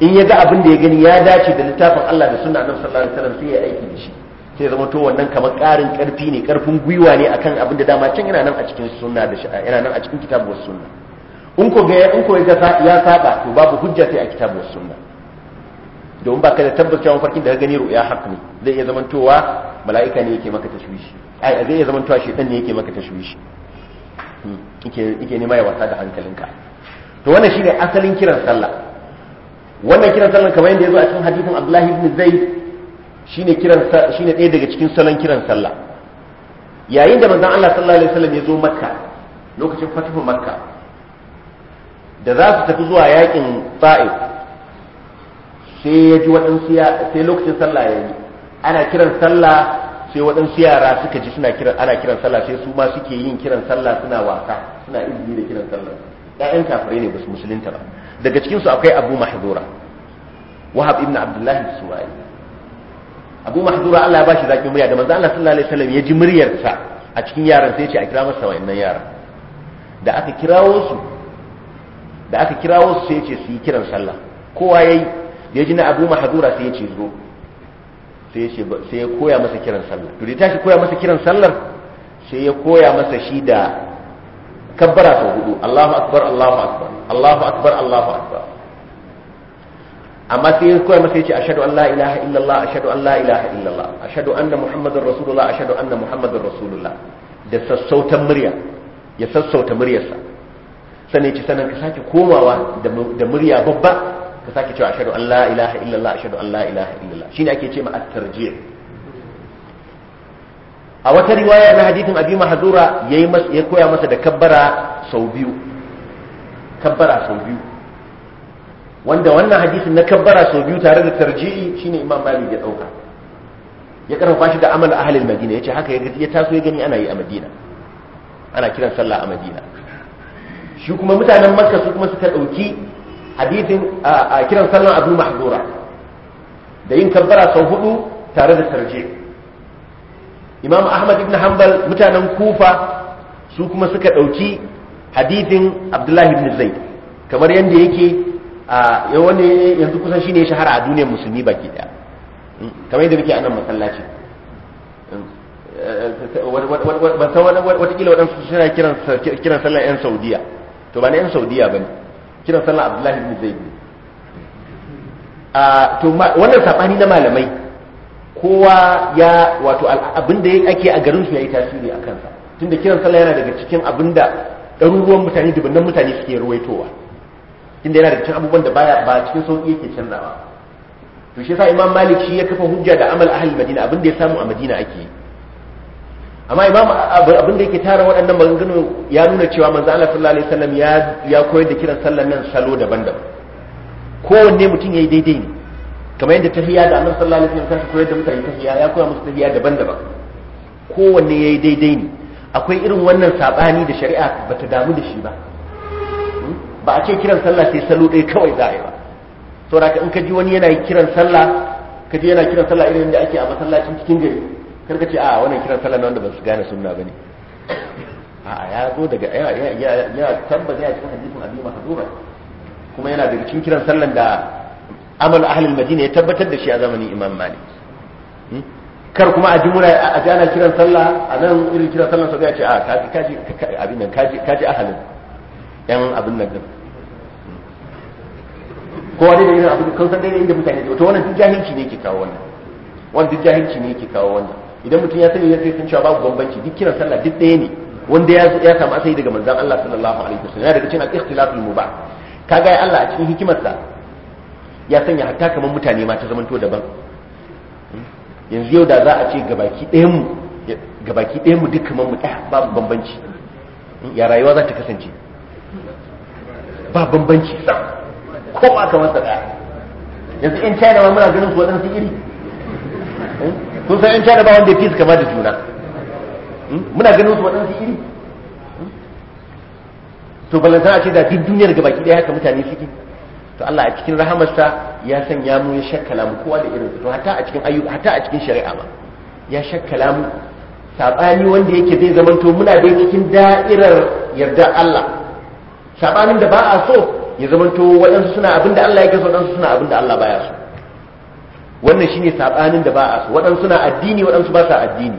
B: in ya ga abin da ya gani ya dace da littafin Allah da sunna annabi sallallahu alaihi wasallam sai ya aiki da shi sai zama to wannan kamar ƙarin ƙarfi ne ƙarfin gwiwa ne akan abin da dama can yana nan a cikin sunna da yana nan a cikin kitabu sunna in ko ga in ko ya saba to babu hujja sai a kitabu sunna domin ba ka da tabbacin farkin da ka gani ru'ya haq ne zai iya zamantowa mala'ika ne yake maka tashwishi ai zai iya zamantowa shaytan ne yake maka tashwishi hmm, yake yake nema ya wasa da hankalinka to wannan shine asalin kiran sallah wannan kiran sallah kamar yadda ya zo a cikin hadisin Abdullahi ibn Zaid shine kiran shine ɗaya daga cikin salon kiran sallah yayin da manzon Allah sallallahu alaihi wasallam ya zo makka lokacin fatuhu makka da za su tafi zuwa yakin ta'if sai ya ji waɗansu sai lokacin sallah ya yi ana kiran sallah sai waɗansu yara suka ji suna kiran ana kiran sallah sai su ma suke yin kiran sallah suna wasa suna izini da kiran sallah ƴaƴan kafirai ne basu musulunta ba daga cikinsu akwai Abu Mahdura Wahab ibn Abdullah Suwayi abu mahdura Allah ya bashi zakin murya da manzo Allah sallallahu alaihi wasallam ya ji muryarsa a cikin yaran sai ya ce a kira masa wayannan yaran da aka kirawo su da aka kirawo su sai ya ce su yi kiran sallah kowa yayi da ya ji na abu mahdura sai ya ce zo sai ya ce sai ya koya masa kiran sallah to da tashi koya masa kiran sallar sai ya koya masa shi da kabbara sau hudu Allahu akbar Allahu akbar Allahu akbar Allahu akbar amma sai ya koya masa yace ashhadu an la ilaha illallah ashhadu an la ilaha illallah ashhadu anna muhammadar rasulullah ashhadu anna muhammadar rasulullah da sassautan murya ya sassauta muryarsa sannan yace sannan ka sake komawa da murya babba ka sake cewa ashhadu an la ilaha illallah ashhadu an la ilaha illallah shine ake cewa at-tarjih a wata riwaya na hadithin abi mahzura yayi ya koya masa da kabbara sau biyu kabbara sau biyu wanda wannan hadisin na kabbara sau biyu tare da tarji'i shine imam malik ya dauka ya karfafa shi da amal ahlil madina yace haka ya taso ya gani ana yi a madina ana kiran sallah a madina shi kuma mutanen makka su kuma suka dauki hadisin a kiran sallah abu mahdura da yin kabbara sau hudu tare da tarji'i imam ahmad ibn hanbal mutanen kufa su kuma suka dauki hadisin abdullahi ibn zaid kamar yadda yake a wani yanzu kusan shi ne shahara a duniyar musulmi baki daya hmm, kamar yadda muke a nan masallaci hmm, eh, ban san watakila waɗansu suna kiran sallar 'yan saudiya to ba na 'yan saudiya ba ne kiran sallar abdullahi ibn zaid to wannan saɓani na malamai kowa ya wato abinda ake a garin su ya yi tasiri a kansa tunda kiran sallah yana daga cikin abinda ɗaruruwan mutane dubannan mutane suke ruwaitowa inda yana da cikin abubuwan da baya ba cikin sauki yake canzawa to shi yasa imam malik shi ya kafa hujja da amal ahli madina abin da ya samu a madina ake yi amma imam abin da yake tara waɗannan maganganu ya nuna cewa manzo Allah sallallahu alaihi wasallam ya ya koyar da kiran sallan nan salo daban-daban kowanne mutum yayi daidai ne kamar yadda tahiyya da annabi sallallahu alaihi wasallam ya koyar da mutane tahiyya ya koyar musu tahiyya daban-daban kowanne yayi daidai ne akwai irin wannan sabani da shari'a bata damu da shi ba ba a ce kiran sallah sai salo ɗaya kawai za a yi ba saboda in ka ji wani yana kiran sallah ka ji yana kiran sallah irin da ake a masallacin cikin gari kar ka ce a wannan kiran sallah na wanda ba su gane sunna ba ne a ya zo daga ya ya ya tabbata ya cikin hadisin abi mahdura kuma yana daga cikin kiran sallan da amal ahlul madina ya tabbatar da shi a zamanin imam malik hmm? kar kuma a ji muna a ji ana kiran sallah a nan irin kiran sallan sau ya ce a kaji kaji abin nan kaji kaji ahalin yan abin nan din kowa dai da irin abin kan san dai inda mutane to wannan duk jahilci ne ke kawo wannan wannan duk jahilci ne ke kawo wannan idan mutum ya sani ya sai san cewa babu bambanci duk kiran sallah duk ɗaya ne wanda ya ya samu asali daga manzon Allah sallallahu alaihi wasallam yana daga cikin al-ikhtilaful mubah kaga ya Allah a cikin hikimarsa ya sanya hatta kamar mutane ma ta zamanto daban yanzu yau da za a ce gabaki ɗayanmu gabaki ɗayanmu duk kamar mu ɗaya babu bambanci ya rayuwa za ta kasance ba bambanci sam ko ba kamar sa daya yanzu in china ma muna ganin su waɗansu iri hmm? kun san in china ba wanda ya fi kama da juna hmm? muna ganin su waɗansu iri hmm? to a ce da duk duniyar gaba baki daya haka mutane suke to Allah a cikin rahamarsa ya sanya mu ya shakkala mu kowa da irin to hatta a cikin ayyuka hatta a cikin shari'a ma ya shakkala mu sabani wanda yake zai zamanto muna dai cikin da'irar yarda Allah sabanin da ba a so ya zamanto waɗansu suna abin da Allah yake so waɗansu suna abin da Allah baya so wannan shine sabanin da ba a so waɗansu suna addini waɗansu ba sa addini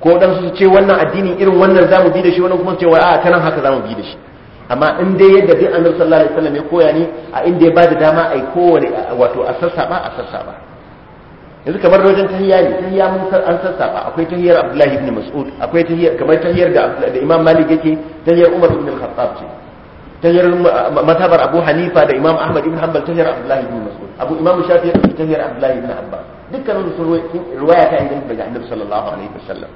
B: ko waɗansu su ce wannan addini irin wannan zamu bi da shi wannan kuma su ce wa a kanan haka zamu bi da shi amma in dai yadda bi annabi sallallahu alaihi wasallam ya koya ne a inda ya bada dama ai kowane wato a sassaba a sassaba yanzu kamar rojan tahiyya ne tahiyya mun san an sassaba akwai tahiyyar Abdullahi ibn Mas'ud akwai tahiyyar kamar tahiyyar da Imam Malik yake tahiyyar Umar ibn al-Khattab ce tahiyar matabar abu hanifa da imam ahmad ibn hanbal tahiyar abdullahi ibn mas'ud abu imam shafi ya ɗauki tahiyar abdullahi ibn abba dukkanin su ruwaya ta inganta daga annabi sallallahu alaihi wasallam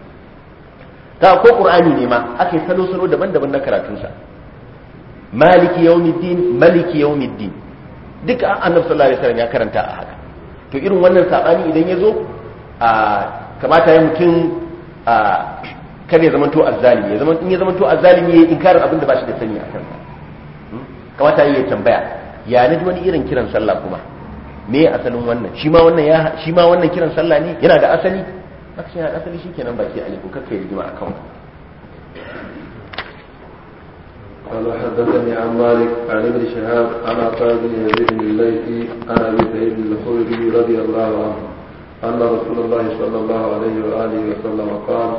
B: ta ko qur'ani ne ma ake salo salo daban-daban na karatun sa, maliki yawmiddin maliki yawmiddin duk annabi sallallahu alaihi wasallam ya karanta a haka to irin wannan sabani idan ya zo a kamata ya mutum a kar ya zamanto azzalimi ya in ya zamanto azzalimi ya inkarin abin da ba shi da sani a kansa kamata ya tambaya ya na wani irin kiran sallah kuma me asalin wannan shi ma wannan ya shi ma wannan kiran sallah ne yana da asali haka shi yana da asali shikenan baki aliku kakka yi rigima a wannan
A: قال حدثني عن مالك عن ابن شهاب عن عطاء بن يزيد بن الليثي عن ابي سعيد بن الخدري رضي الله عنه ان رسول الله صلى الله عليه واله وسلم قال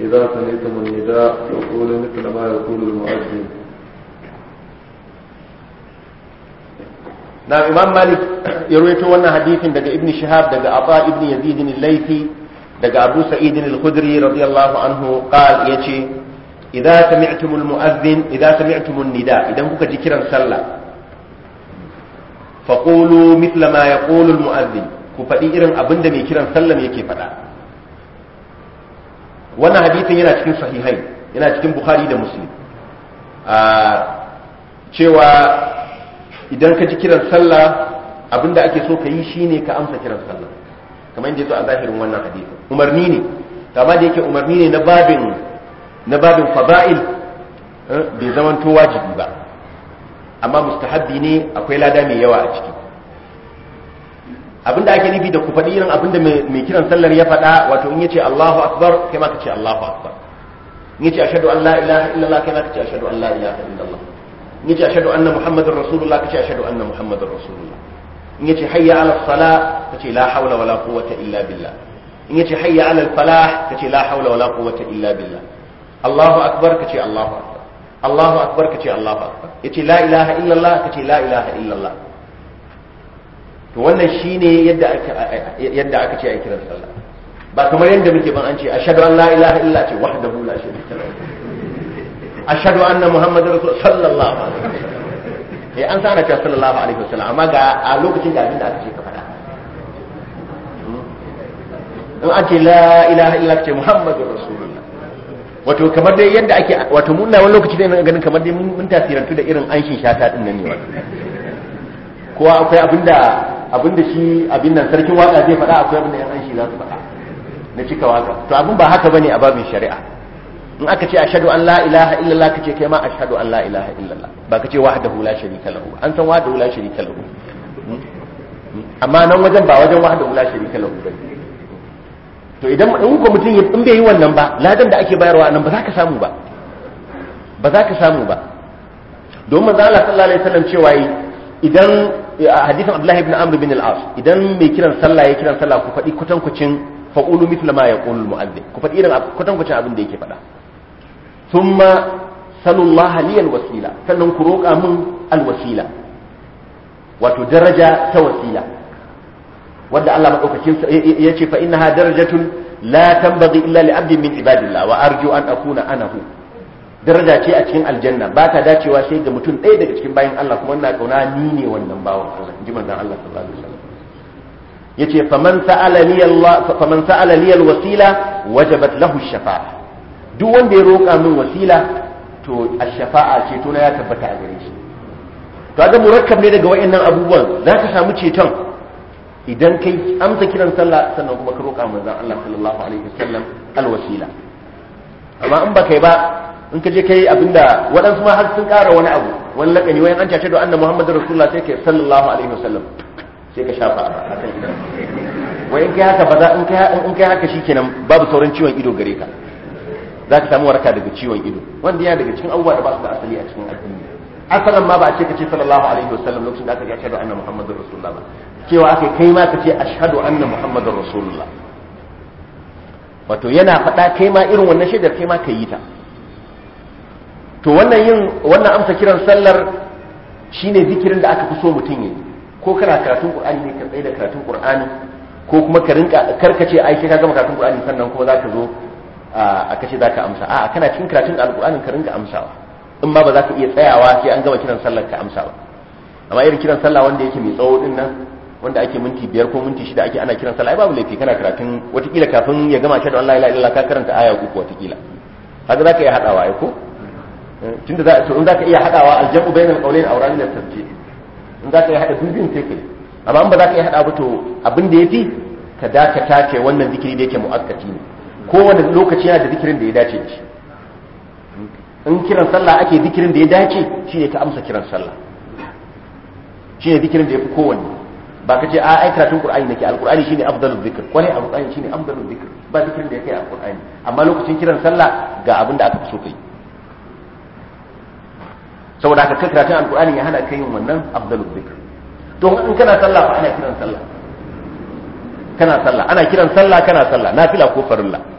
A: اذا سمعتم النداء فقولوا مثل ما يقول المؤذن
B: na imam malik ya ruwaito wannan hadithin daga ibn shihab daga aba ibn yazid bin laifi daga abu sa'id al-khudri radiyallahu anhu qal yace idza sami'tum al-mu'adhdhin idza sami'tum an-nida idan kuka ji kiran sallah faqulu mithla ma yaqulu al-mu'adhdhin ku faɗi irin abinda mai kiran sallah yake faɗa wannan hadithin yana cikin sahihai yana cikin bukhari da muslim a ah, cewa idan ka ji kiran sallah abinda ake so ka yi shine ka amsa kiran sallah kamar yadda zo a zahirin wannan hadisi umarni ne kama da yake umarni ne na babin na babin fada'il eh, bai zamanto wajibi ba amma mustahabbi ne akwai lada mai yawa a ciki abinda ake nufi da ku faɗi irin abinda mai kiran sallar ya faɗa wato in yace Allahu akbar kai ma ka ce Allahu akbar in yace ashhadu an la ilaha illallah kai ma ka ce ashhadu an la ilaha illallah in yace ashhadu anna muhammadar rasulullah kace ashhadu anna muhammadar rasulullah in yace hayya ala sala kace la hawla wala quwwata illa billah in yace hayya ala falah kace la hawla wala quwwata illa billah allahu akbar kace allahu akbar allahu akbar kace allahu akbar yace la ilaha illallah kace la ilaha illallah to wannan shine yadda aka yadda aka ce a kiran sallah ba kamar yadda muke ban an ce ashhadu an la ilaha illa ce wahdahu la sharika lahu ashhadu anna muhammadu rasul sallallahu alaihi
C: wasallam
B: eh an sana sallallahu alaihi wasallam amma ga a lokacin da abin da aka ce ka faɗa hmm? in an ce la ilaha illa ce muhammadu rasulullah wato kamar dai yadda ake wato mun na wani lokaci ne ganin kamar dai mun tasirantu da irin anshin shata din nan ne wato kowa akwai abinda abinda shi abin nan sarkin waka zai faɗa akwai abinda yan anshi za su faɗa na cika waka to abin ba haka bane a babin shari'a in aka ce ashhadu an la ilaha illallah ce kai ma ashhadu an la ilaha illallah ba ka kace wahdahu la sharika lahu an san wahdahu la sharika lahu hmm? Hmm? amma nan wajen ba wajen wahdahu la sharika lahu ba to idan in ko mutum in bai yi wannan ba ladan da ake bayarwa nan ba za ka samu ba ba za ka samu ba domin manzo Allah sallallahu alaihi wasallam cewa idan hadisin Abdullahi ibn Amr bin al-As idan mai kiran sallah ya kiran sallah ku faɗi kutankucin faqulu mithla ma yaqulu al-mu'adhdhin ku faɗi irin kutankucin abin da yake faɗa thumma salullaha li alwasila sannan ku roƙa min alwasila wato daraja ta wasila wanda Allah madaukakin yace fa innaha darajatun la tanbaghi illa li abdin min ibadillah wa arju an anahu daraja ce a cikin aljanna ba ta dacewa sai ga mutum ɗaya daga cikin bayan Allah kuma ina kauna ni ne wannan bawan Allah inji manzon Allah sallallahu yace faman sa'ala li Allah faman sa'ala li alwasila wajabat lahu duk wanda ya roƙa min wasila to a shafaa ceto na ya tabbata a gare shi to ga murakkab ne daga wayannan abubuwan za ka samu ceton idan kai amsa kiran sallah sannan kuma ka roƙa manzon Allah sallallahu alaihi wasallam alwasila amma in ba kai ba in ka je kai abinda waɗansu ma har sun ƙara wani abu wani lakani wayan an cace da annabi Muhammadu Rasulullah sai kai sallallahu alaihi wasallam sai ka shafa kan idan wayan kai haka ba za in kai in kai haka shikenan babu sauran ciwon ido gare ka za ka samu waraka daga ciwon ido wanda yana daga cikin abubuwa da ba su da asali a cikin addini asalan ma ba a ce ka ce sallallahu alaihi sallam lokacin da aka ga ashhadu anna muhammadar rasulullah ba cewa aka kai ma ka ce ashhadu anna muhammadin rasulullah wato yana faɗa kai ma irin wannan shaidar kai ma ka yi ta to wannan yin wannan amsa kiran sallar shine zikirin da aka fi so mutum yi ko kana karatun qur'ani ne ka tsaye da karatun qur'ani ko kuma ka rinka karkace ai sai ka gama karatun qur'ani sannan kuma ka zo aka ce zaka amsa a'a kana cikin karatun alqur'anin ka rinka amsawa in ma ba za ka iya tsayawa sai an gama kiran sallar ka amsa ba amma irin kiran sallah wanda yake mai tsawo din nan wanda ake minti biyar ko minti shida ake ana kiran sallah ai babu laifi kana karatun watakila kafin ya gama shaidu Allah la ilaha ka karanta aya uku watakila haka zaka iya hadawa ai ko eh, tunda za to in za ka iya hadawa aljamu bainal qawlain aw da tafji in za ka iya hada dubin take kai amma in ba za ka iya hada ba to abin da yafi ka dakata ce wannan zikiri da yake muakkati ne Ko wanda lokaci yana da zikirin da ya dace da shi in kiran sallah ake zikirin da ya dace shi ne ka amsa kiran sallah shi ne zikirin da ya fi kowanne ba ka ce a ai karatun qur'ani nake alqur'ani shine afdalul zikr kwarai alqur'ani shine afdalul zikr ba zikirin da ya kai alqur'ani amma lokacin kiran sallah ga abin da aka fi so kai saboda aka kai karatun alqur'ani ya hana kai yin wannan afdalul zikr to in kana sallah fa ana kiran sallah kana sallah ana kiran sallah kana sallah nafila ko farilla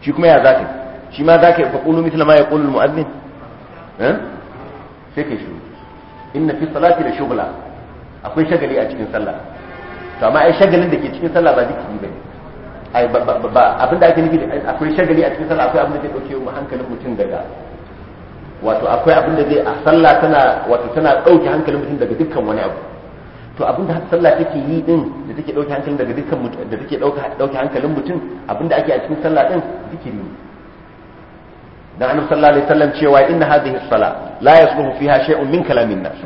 B: shi kuma ya za ka shi ma za ka fa qulu mithla ma yaqulu al mu'adhdhin eh? sai ka shiru inna fi salati la shughla akwai shagali a cikin sallah to amma ai shagalin da ke cikin sallah ba zikiri bane ai ba abin da ake nufi akwai shagali a cikin sallah akwai abin da zai dauke mu hankalin mutum daga wato akwai abin da zai a sallah tana wato tana dauke hankalin mutum daga dukkan wani abu to abinda da sallah take yi din da take dauke hankali daga dukkan da take dauke hankalin mutum abinda ake a cikin sallah din zikiri ne dan annabi sallallahu alaihi wasallam cewa inna hadhihi as-sala la yasluhu fiha shay'un min kalamin nas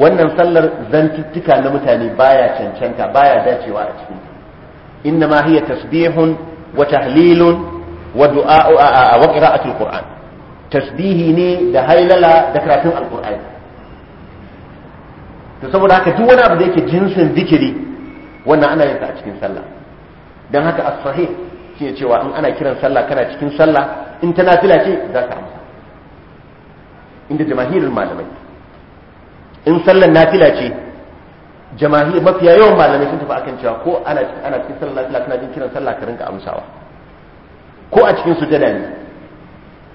B: wannan sallar zantuttuka na mutane baya cancanta baya dacewa a cikin inna ma hiya tasbihun wa tahlilun wa du'a wa qira'atul qur'an tasbihi ne da hailala da karatun alqur'ani to saboda haka duk wani abu da yake jinsin zikiri wannan ana yin sa a cikin sallah dan haka as-sahih shine cewa in ana kiran sallah kana cikin sallah in ta nafila ce za ka amsa inda jamahirul malamai in sallar nafila ce jamahir mafiya yawan malamai sun tafi akan cewa ko ana ana cikin sallah nafila kana jin kiran sallah ka rinka amsawa ko a cikin sujada ne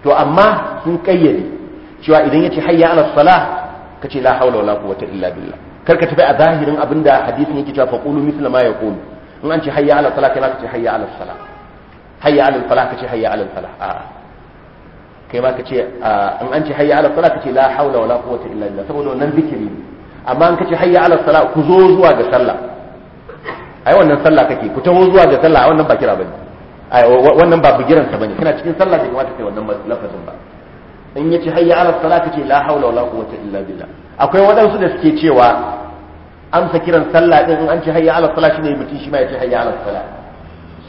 B: to amma sun kayyade cewa idan yace hayya ala salah kace la haula wala quwwata illa billah kar ka tafi a zahirin abinda hadisin yake cewa faqulu mithla ma yaqulu in an ce hayya ala salat kana kace hayya ala salat hayya ala falah kace hayya ala falah a kai ma kace in an ce hayya ala salat kace la haula wala quwwata illa billah saboda wannan zikiri amma in kace hayya ala salat ku zo zuwa ga sallah ai wannan sallah kake ku taho zuwa ga sallah wannan ba kira bane ai wannan ba bugiran sa bane kana cikin sallah bai kamata kai wannan lafazin ba in yace hayya ala salati ce la haula wala quwwata illa billah akwai waɗansu da suke cewa amsa kiran sallah din in an ce hayya ala salati shine mutum shi ma yace hayya ala salat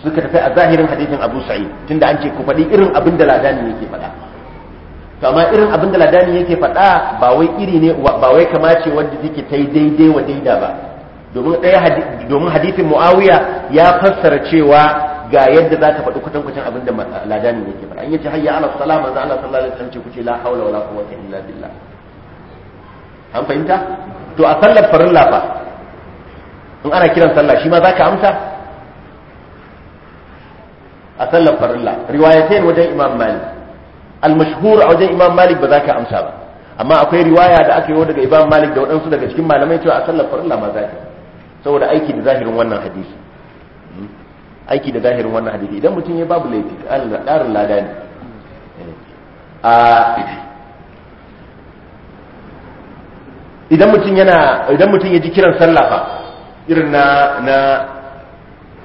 B: suka tafi a zahirin hadisin Abu Sa'id tunda an ce ku faɗi irin abin da ladani yake faɗa to amma irin abin da ladani yake faɗa ba wai iri ne ba wai kamace wanda yake tai daidai wa daida ba domin ɗaya domin hadisin Muawiya ya fassara cewa ga yadda za ta faɗi kwatankwacin abin da ke yake faɗa yi ce hayya ala sala manzo ala sallallahu alaihi wasallam ce kuce la haula wala quwwata illa billah an fahimta to a sallar farilla fa in ana kiran sallah shi ma zaka amsa a sallar farilla riwayatain wajen imam malik al-mashhur a wajen imam malik ba zaka amsa ba amma akwai riwaya da aka yi daga imam malik da waɗansu daga cikin malamai cewa a sallar farilla ma ka saboda aiki da zahirin wannan hadisi aiki da zahirin wannan hadisi idan mutum ya babu laifi ƙarin lada ne eh. idan mutum yana idan mutum ya ji kiran sallah fa irin na na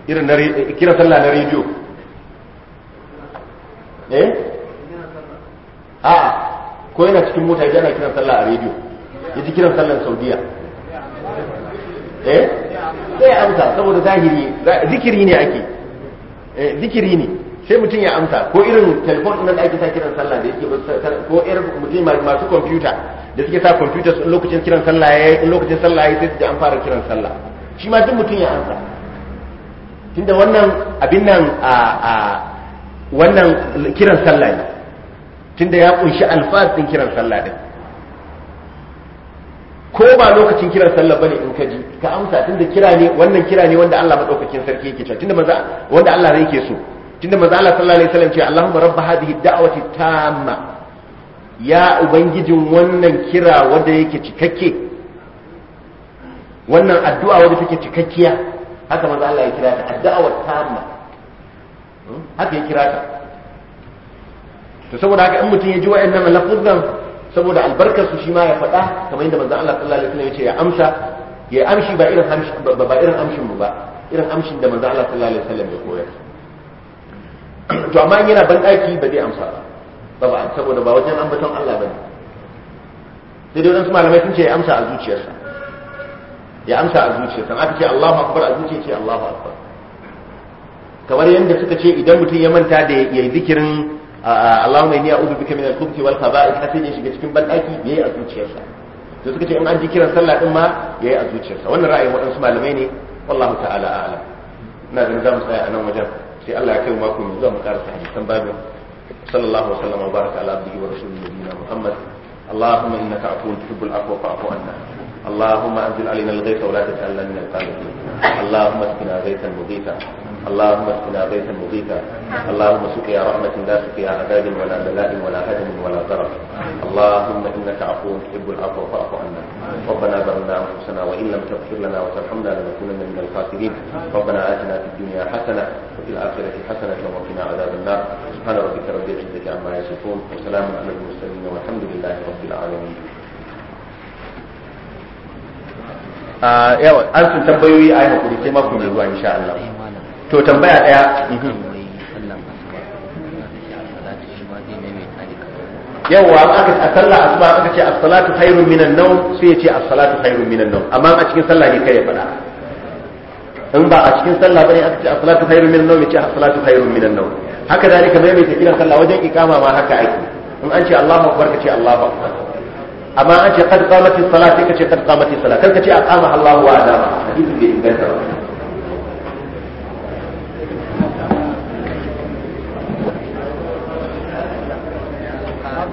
B: irin na kiran sallah na rediyo eh a ko yana cikin mota yana kiran sallah a rediyo ya ji kiran sallah saudiya
C: eh sai ya amsa
B: saboda zahiri zikiri ne ake eh, zikiri ne sai mutum ya amsa ko irin telefon din da ake sa kiran sallah da yake ko irin mutum masu kwamfuta da suke sa kwamfuta su lokacin kiran sallah ya in lokacin sallah ya sai su an fara kiran sallah shi ma duk mutum ya amsa tunda wannan abin nan a a wannan kiran sallah ne tunda ya kunshi alfaz din kiran sallah din ko ba lokacin kiran sallah bane in kaji ka amsa tunda kira ne wannan kira ne wanda Allah madaukakin sarki yake cewa tunda maza wanda Allah ne yake so tunda maza Allah sallallahu alaihi wasallam ce Allahumma rabb hadhihi da'wati tamma ya ubangijin wannan kira wanda yake cikakke wannan addu'a wanda take cikakkiya haka maza Allah ya kira ta addu'a tamma hmm? haka ya kira ta to saboda haka in mutum ya ji wa'annan lafuzan saboda albarkarsu shi ma ya faɗa kamar yadda manzon Allah sallallahu alaihi wasallam ya ce ya amsa ya amshi ba irin amshi ba irin amshin mu ba irin amshin da manzon Allah sallallahu alaihi wasallam ya koyar [clears throat] to amma yana ban daki ba zai amsa ba ba saboda ba wajen ambaton Allah bane sai dai wadansu malamai sun ce ya amsa a zuciyarsa ya amsa a zuciyarsa aka ce Allahu akbar a zuciya ce Allahu akbar kamar yadda suka ce idan mutum ya manta da ya yi zikirin Allahumma inni a'udhu bika min al-khubuthi wal khaba'ith har sai ya shiga cikin bandaki yayi a zuciyarsa to suka ce in an ji kiran sallah din ma yayi a zuciyarsa wannan ra'ayin waɗansu malamai ne wallahu ta'ala a'lam ina ganin za mu tsaya a nan wajen sai Allah ya kai mu mako mai zuwa mu karasa hadisan babin sallallahu alaihi wa sallam wa baraka ala abdihi wa rasulihi nabiyina Muhammad اللهم انك عفو تحب العفو فاعف عنا اللهم انزل علينا الغيث ولا تجعلنا من القانطين اللهم اسقنا غيثا مغيثا اللهم اسقنا غيثا مغيثا اللهم سقيا رحمة لا سقيا عذاب ولا بلاء ولا هدم ولا ضرر اللهم إنك عفو تحب العفو فاعف عنا ربنا ظلمنا أنفسنا وإن لم تغفر لنا وترحمنا لنكونن من الخاسرين ربنا آتنا في الدنيا حسنة وفي الآخرة حسنة وقنا عذاب النار سبحان ربك رب العزة عما يصفون وسلام على المرسلين والحمد لله رب العالمين yawa آه، يا sun tambayoyi a yi hakuri sai إن شاء zuwa insha Allah to tambaya daya yawa an aka a sallah asuba aka ce as-salatu khairun minan nawm sai ya ce as-salatu khairun minan nawm amma a cikin sallah ne kai ya faɗa in ba a cikin sallah bane aka ce as-salatu khairun minan nawm ya ce as-salatu khairun minan nawm haka zalika mai mai kiran sallah wajen ikama ma haka ake in an ce Allahu akbar ka ce Allahu akbar amma an ce qad qamati as-salat sai ka ce qad qamati as-salat kar ka ce aqama Allahu wa adama hadisi bai inganta ba